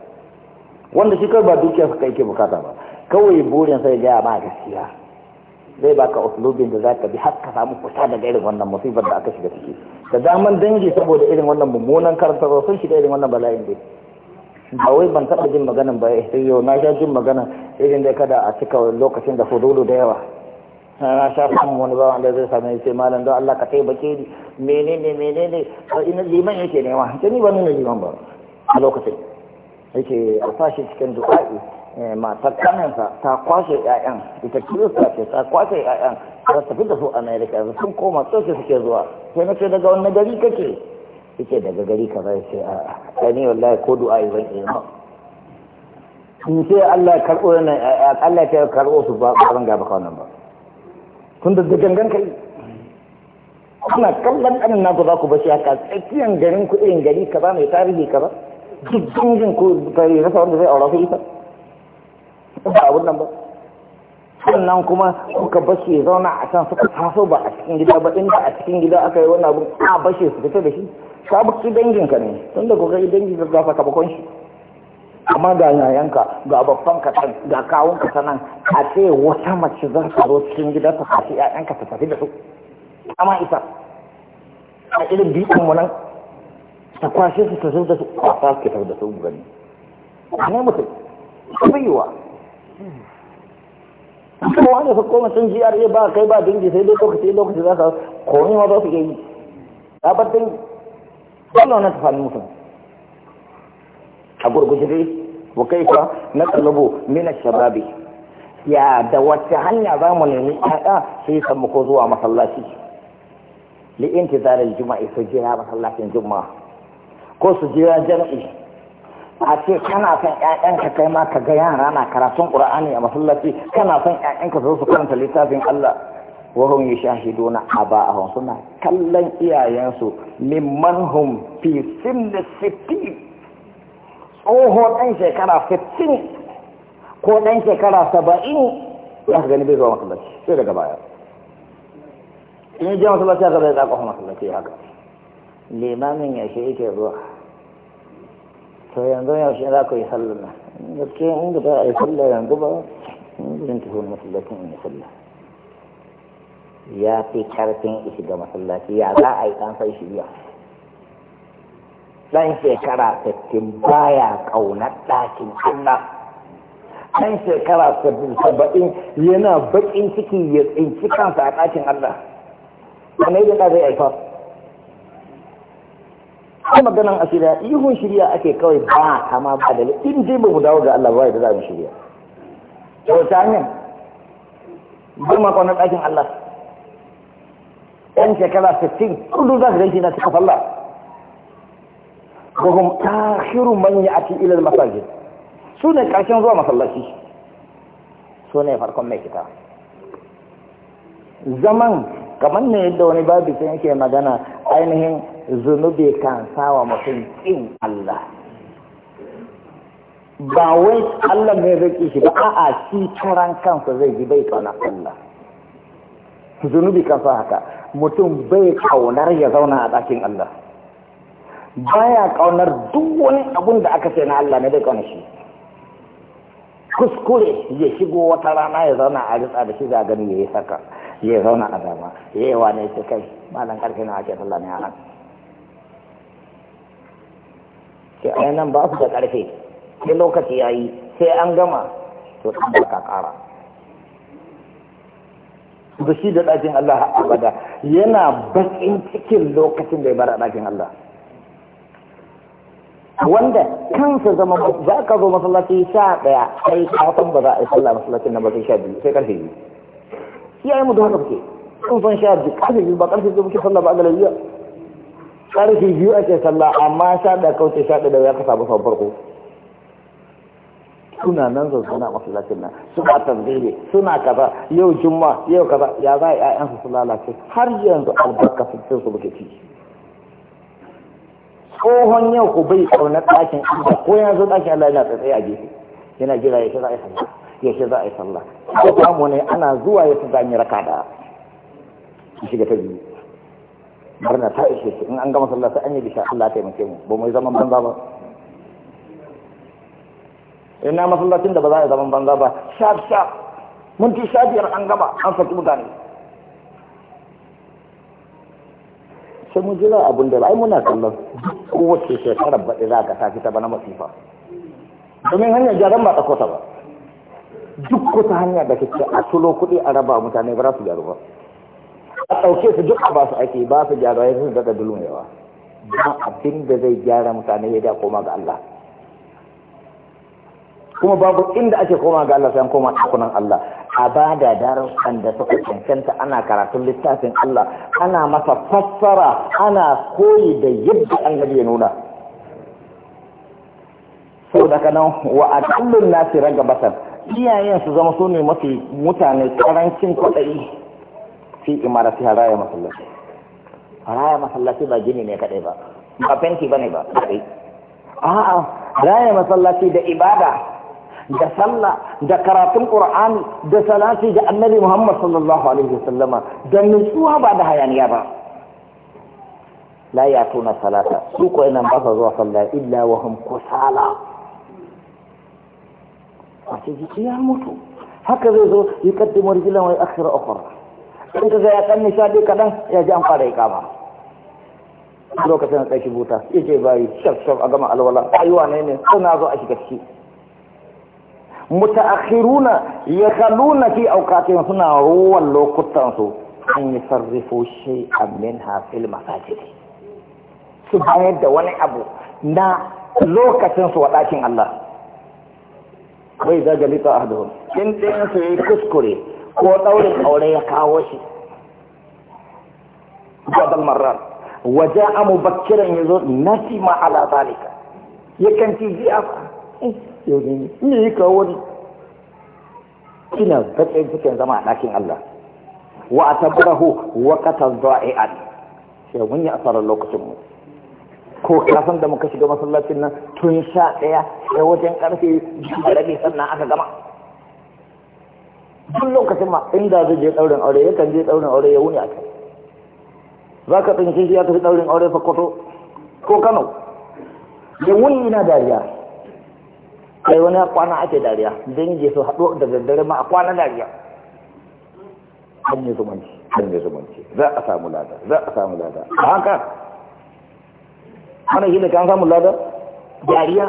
wanda shi kai ba dukiya su kai ke bukata ba kawai burin sai gaya ba gaskiya zai baka uslubin da zaka bi har ka samu kusa daga irin wannan musibar da aka shiga ciki da daman dangi saboda irin wannan mummunan karantarwa sun shiga irin wannan bala'in dai ba wai ban taɓa jin maganan ba eh, sai yau na sha jin magana irin da kada a cika lokacin da fudulu da yawa na sha samun wani bawan da zai same sai malam don Allah ka taimake ni menene menene ina liman yake ne wa ni ba nuna liman ba a lokacin yake a fashi cikin du'a'i Eh, matar kaninsa ta kwashe 'ya'yan ita kirista ce ta kwashe 'ya'yan ta tafi da su america sun koma tsoke suke zuwa sai na ce daga wani gari kake yake daga gari ka zai ce a ɗani wallahi ko du'a yi zan iya in ce Allah ya karɓo yana Allah ya karɓo su ba ba zan gaba kawai ba tun da gangan kai kuna kallon ɗan na za ku bashi haka tsakiyan garin ku irin gari ka ba mai tarihi ka ba duk dangin ku ta rasa wanda zai aura su ita ba abun nan ba sannan kuma suka bashe zauna a can suka taso ba a cikin gida ba inda a cikin gida aka yi wani abu a bashi su fita da shi ka buki danginka ne tun da kuka yi dangi da zafa ka bakon shi amma ga yayanka ga babban ka ga kawun ka sanan a ce wata mace za ta zo cikin gida ta tafi ƴaƴanka ta tafi da su amma ita a irin bikin mu nan ta kwashe su ta zo da su sa su ta da su gani ne mutum ta biyuwa kuma wanda su koma sun GRA ba kai ba dangi sai dai lokaci lokaci za ka komi ma za su yi ya bar dangi wannan wannan ta fannin mutum a gurguje dai wa kai fa na kallabo mina shababi ya da wacce hanya za mu nemi ƴaƴa sai yi mu ko zuwa masallaci li'inti zarar Juma'a jumai su jira masallacin juma'a ko su jira jana'i a ce kana son ƴaƴanka kai ma ka ga yara na karatun qur'ani a masallaci kana son ƴaƴanka su su karanta littafin Allah wa hum yashahiduna aba'ahum suna kallon iyayensu mimman hum fi sinni sittin tsoho ɗan shekara sittin ko ɗan shekara saba'in za ka gani bai zuwa masallaci sai daga baya in je masallaci haka bai tsaka masallaci haka limamin ya shi yake zuwa to yanzu yaushe za ku yi sallah na gaske inda ba a yi sallah yanzu ba zan tafi masallacin in yi sallah ya fi karfin ishi ga masallaci ya za a yi ɗan sai shi biya ɗan shekara sittin baya ƙaunar ɗakin Allah ɗan shekara saba'in yana baƙin ciki ya tsinci kansa a ɗakin Allah wani yadda zai aifa ai maganan a ihun shirya ake kawai ba kama ba da in dai ba mu dawo ga Allah ba da za mu shirya to ta hanyar ba ma ɗakin Allah ɗan shekara 60 kullum za su ganshi na cikin Allah wa hum akhiru man ya'ti ila al-masajid su ne karshen zuwa masallaci su ne farkon mai kita zaman kamar ne yadda wani babu sai yake magana ainihin zunubi kan sawa mutum ƙin Allah ba wai Allah ne zai ƙi shi ba a'a shi turan kansa zai ji bai tsana Allah zunubi kan sa haka mutum bai kaunar ya zauna a ɗakin Allah baya kaunar duk wani abun da aka ce na Allah ne bai kauna shi kuskure ya shigo wata rana ya zauna a ritsa da shi da gani ya yi saka ya zauna a dama ya yi wane shi kai malan karfe na ake sallah ne a nan sai a nan ba su da karfe sai lokaci ya yi sai an gama to dan ka kara da shi da ɗakin Allah abada yana bakin cikin lokacin da ya bar a ɗakin Allah wanda kansa zama za ka zo masallaci sha ɗaya sai kafin ba za a yi sallah masallacin nan ba sai sha biyu sai karfe biyu shi ya yi mu da haka kuke kun san sha biyu karfe biyu ba karfe biyu muke sallah ba a galariya ƙarfi biyu ake sallah amma sha da kauce sha da ya ka samu sau farko suna nan zo suna masallacin nan suna tanzili suna kaza yau juma yau kaza ya za a yi ƴaƴansu su lalace har yanzu albarka sun su muke ci tsohon yau ku bai tsaunar ɗakin Allah ko yanzu ɗakin Allah yana tsaye a gefe yana jira ya shiga za a yi ya za a yi sallah ko samu ne ana zuwa ya fi zanyi raka da shiga ta biyu barna ta ishe shi in an gama sallah sai an yi bisha Allah ta taimake mu ba mu yi zaman banza ba ina masallacin da ba za a yi zaman banza ba sharp sharp minti sha biyar an gama an saki mutane sai mun jira abin da ai muna kallon kowace shekarar baɗi za ka tafi ta bana masifa domin hanyar gyaran ba tsakota ba duk wata hanya da kake a tulo kuɗi a raba mutane ba za su gyaru ba a ɗauke su duk ba su aiki ba su gyara ya sun daga yawa. ba abin da zai gyara mutane ya da koma ga Allah kuma babu inda ake koma ga Allah sai koma ɗakunan Allah a ba da darussan da suka cancanta ana karatun littafin Allah ana masa fassara ana koyi da yadda annabi ya nuna sau daga nan wa a kallon nasi ragabatan iyayen su zama su ne mafi mutane karancin kwaɗayi fi imarati haraya masallaci haraya masallaci ba gini ne kadai ba ba fenti bane ba kadai a'a raya masallaci da ibada da sallah da karatun qur'ani da salati da annabi muhammad sallallahu alaihi wasallama da nutsuwa ba da hayaniya ba la tuna salata su ko nan ba sa zuwa sallah illa wa hum kusala ce jiki ya mutu haka zai zo yi kaddimar gilan wai akhira ukhra in zai ya kan nishadi kaɗan ya ji an fara kama. lokacin da shi buta ya ce bayi shaf shaf a gama alwala ayuwa ne ne suna zo a shiga ciki mutaakhiruna yakhaluna fi awqatihim suna ruwan lokutan su an yusarrifu shay'an minha fil masajidi su bayar da wani abu na lokacin su wadakin Allah bai zagalita ahaduhum in ɗayan su yi kuskure ko daurin aure ya kawo shi gadal marar. waje amu bakiran ya zo nasi ma ala zalika yakan ci ji afa eh, yau ne ne yi kawo ne ina bakin cikin zama a ɗakin Allah wa a tabbarahu wa kata za'i'an sai mun yi asarar lokacin mu ko kasan da muka shiga masallacin nan tun sha ɗaya sai wajen ƙarfe da rage sannan aka gama duk lokacin ma inda zai je ɗaurin aure yakan je ɗaurin aure ya wuni a kai za ka tsinci shi ya tafi ɗaurin aure fakoto ko kano Ya wuni na dariya kai wani kwana ake dariya dangi su haɗu da daddare ma a kwana dariya hanyar zumunci hanyar zumunci za a samu lada za a samu lada a haka mana shi da kan samu lada dariya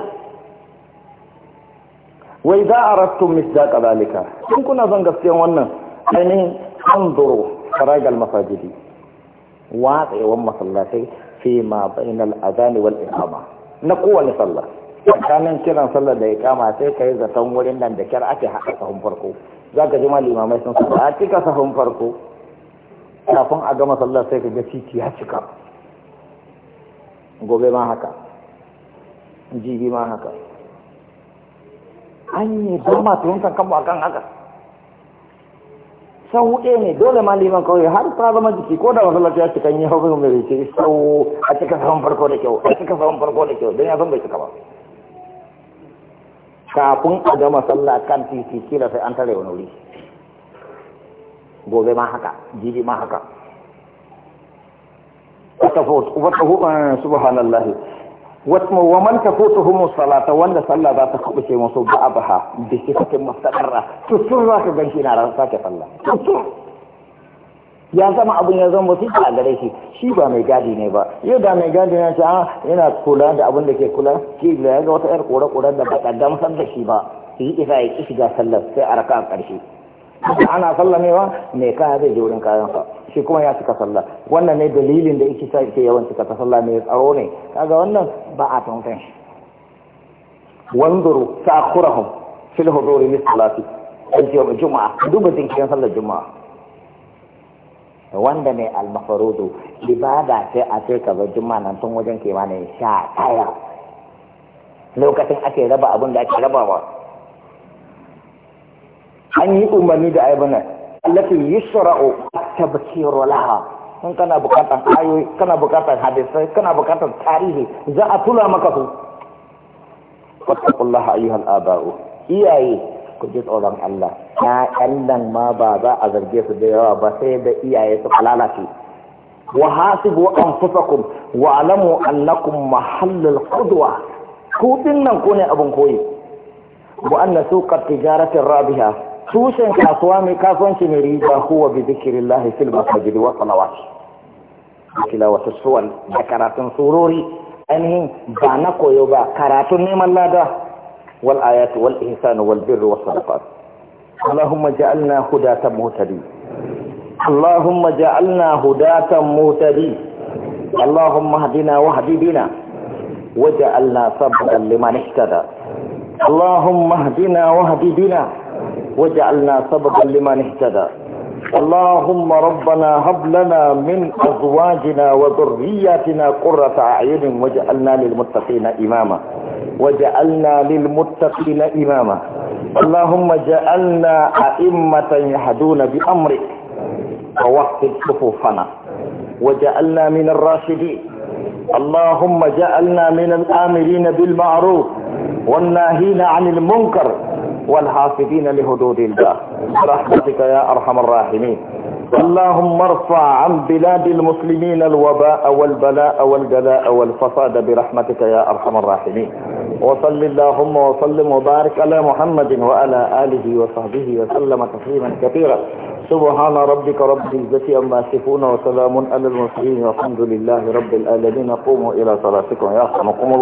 wai za a rastun misda ƙalalika in kuna zan gaskiyan wannan ainihin an zoro faragal masajidi watsewan masallatai fi ma bainal azani wal ikama na kowane sallah tsakanin kiran sallah da kama sai ka yi zaton wurin nan da kyar ake haɗa sahun farko ka ji ma limamai sun sa a cika sahun farko kafin a gama sallah sai ka ga titi ya cika gobe ma haka jibi ma haka an yi ba ma tuhumtar kanmu akan haka sau ɗaya ne dole ma liman kawai har ta zama jiki ko da masallaci ya cikin yi hau mai zai sau a cika saman farko da kyau a cika saman farko da kyau don ya san bai cika ba kafin a gama sallah kan titi kila sai an tare wani wuri gobe ma haka jibi ma haka wata eh, subhanallah wasmu wa man tafutuhum salata wanda sallah za ta kubuce musu ba abaha da sifatin mustaqarra to sun za ka ganci na ran sake sallah ya zama abin ya zama mutum a gare shi shi ba mai gadi ne ba yau da mai gadi ne ta ah, yana kula da abin da ke kula ki da ya ga wata yar kore kore da ba ta gamsar da shi ba shi isa ya ki shiga sallar sai a raka a ƙarshe ana sallah ne ba me kaya zai je wurin kayansa shi kuma ya cika sallah wannan ne dalilin da yake sa yake yawan cika ta sallah ne, tsaro ne kaga wannan ba a tantan shi wanzuru ta'khurahum fil huduri min salati al-yawm juma'a duba jinkirin sallar juma'a wanda ne al-mafarudu ibada ce a ce ka juma'a nan tun wajen kimanin sha ɗaya lokacin ake raba abin da ake rabawa an yi umarni da aibana allati yusra'u at-tabkiru laha in kana bukatan ayoyi kana bukatan hadisai kana tarihi za a tula maka su fattaqullaha ayyuhal aba'u iyaye ku ji tsoron Allah Na nan ma ba za a zarge su da yawa ba sai da iyaye su lalace wa hasibu anfusakum wa alamu annakum mahallul qudwa ku dinnan ku ne abun koyi wa anna suqat tijaratin rabiha tushen kasuwa mai kasuwanci mai riba huwa bi zikirillahi fil masajid wa salawat tilawatu suwal da karatun surori ainihin ba na koyo ba karatun neman lada wal ayatu wal ihsan wal birr was sadaqat allahumma ja'alna hudatan muhtadi allahumma ja'alna hudatan muhtadi allahumma hdina wahdi bina waj'alna sabran liman ihtada اللهم اهدنا واهد بنا وجعلنا سببا لمن اهتدى اللهم ربنا هب لنا من أزواجنا وذرياتنا قرة أعين واجعلنا للمتقين إماما وجعلنا للمتقين إماما اللهم جعلنا أئمة يهدون بأمرك ووحد صفوفنا وجعلنا من الراشدين اللهم جعلنا من الآمرين بالمعروف والناهين عن المنكر والحافظين لحدود الله برحمتك يا أرحم الراحمين اللهم ارفع عن بلاد المسلمين الوباء والبلاء والجلاء والفساد برحمتك يا أرحم الراحمين وصل اللهم وسلم وبارك على محمد وعلى آله وصحبه وسلم تسليما كثيرا سبحان ربك رب العزة عما يصفون وسلام على المرسلين والحمد لله رب العالمين قوموا إلى صلاتكم يرحمكم الله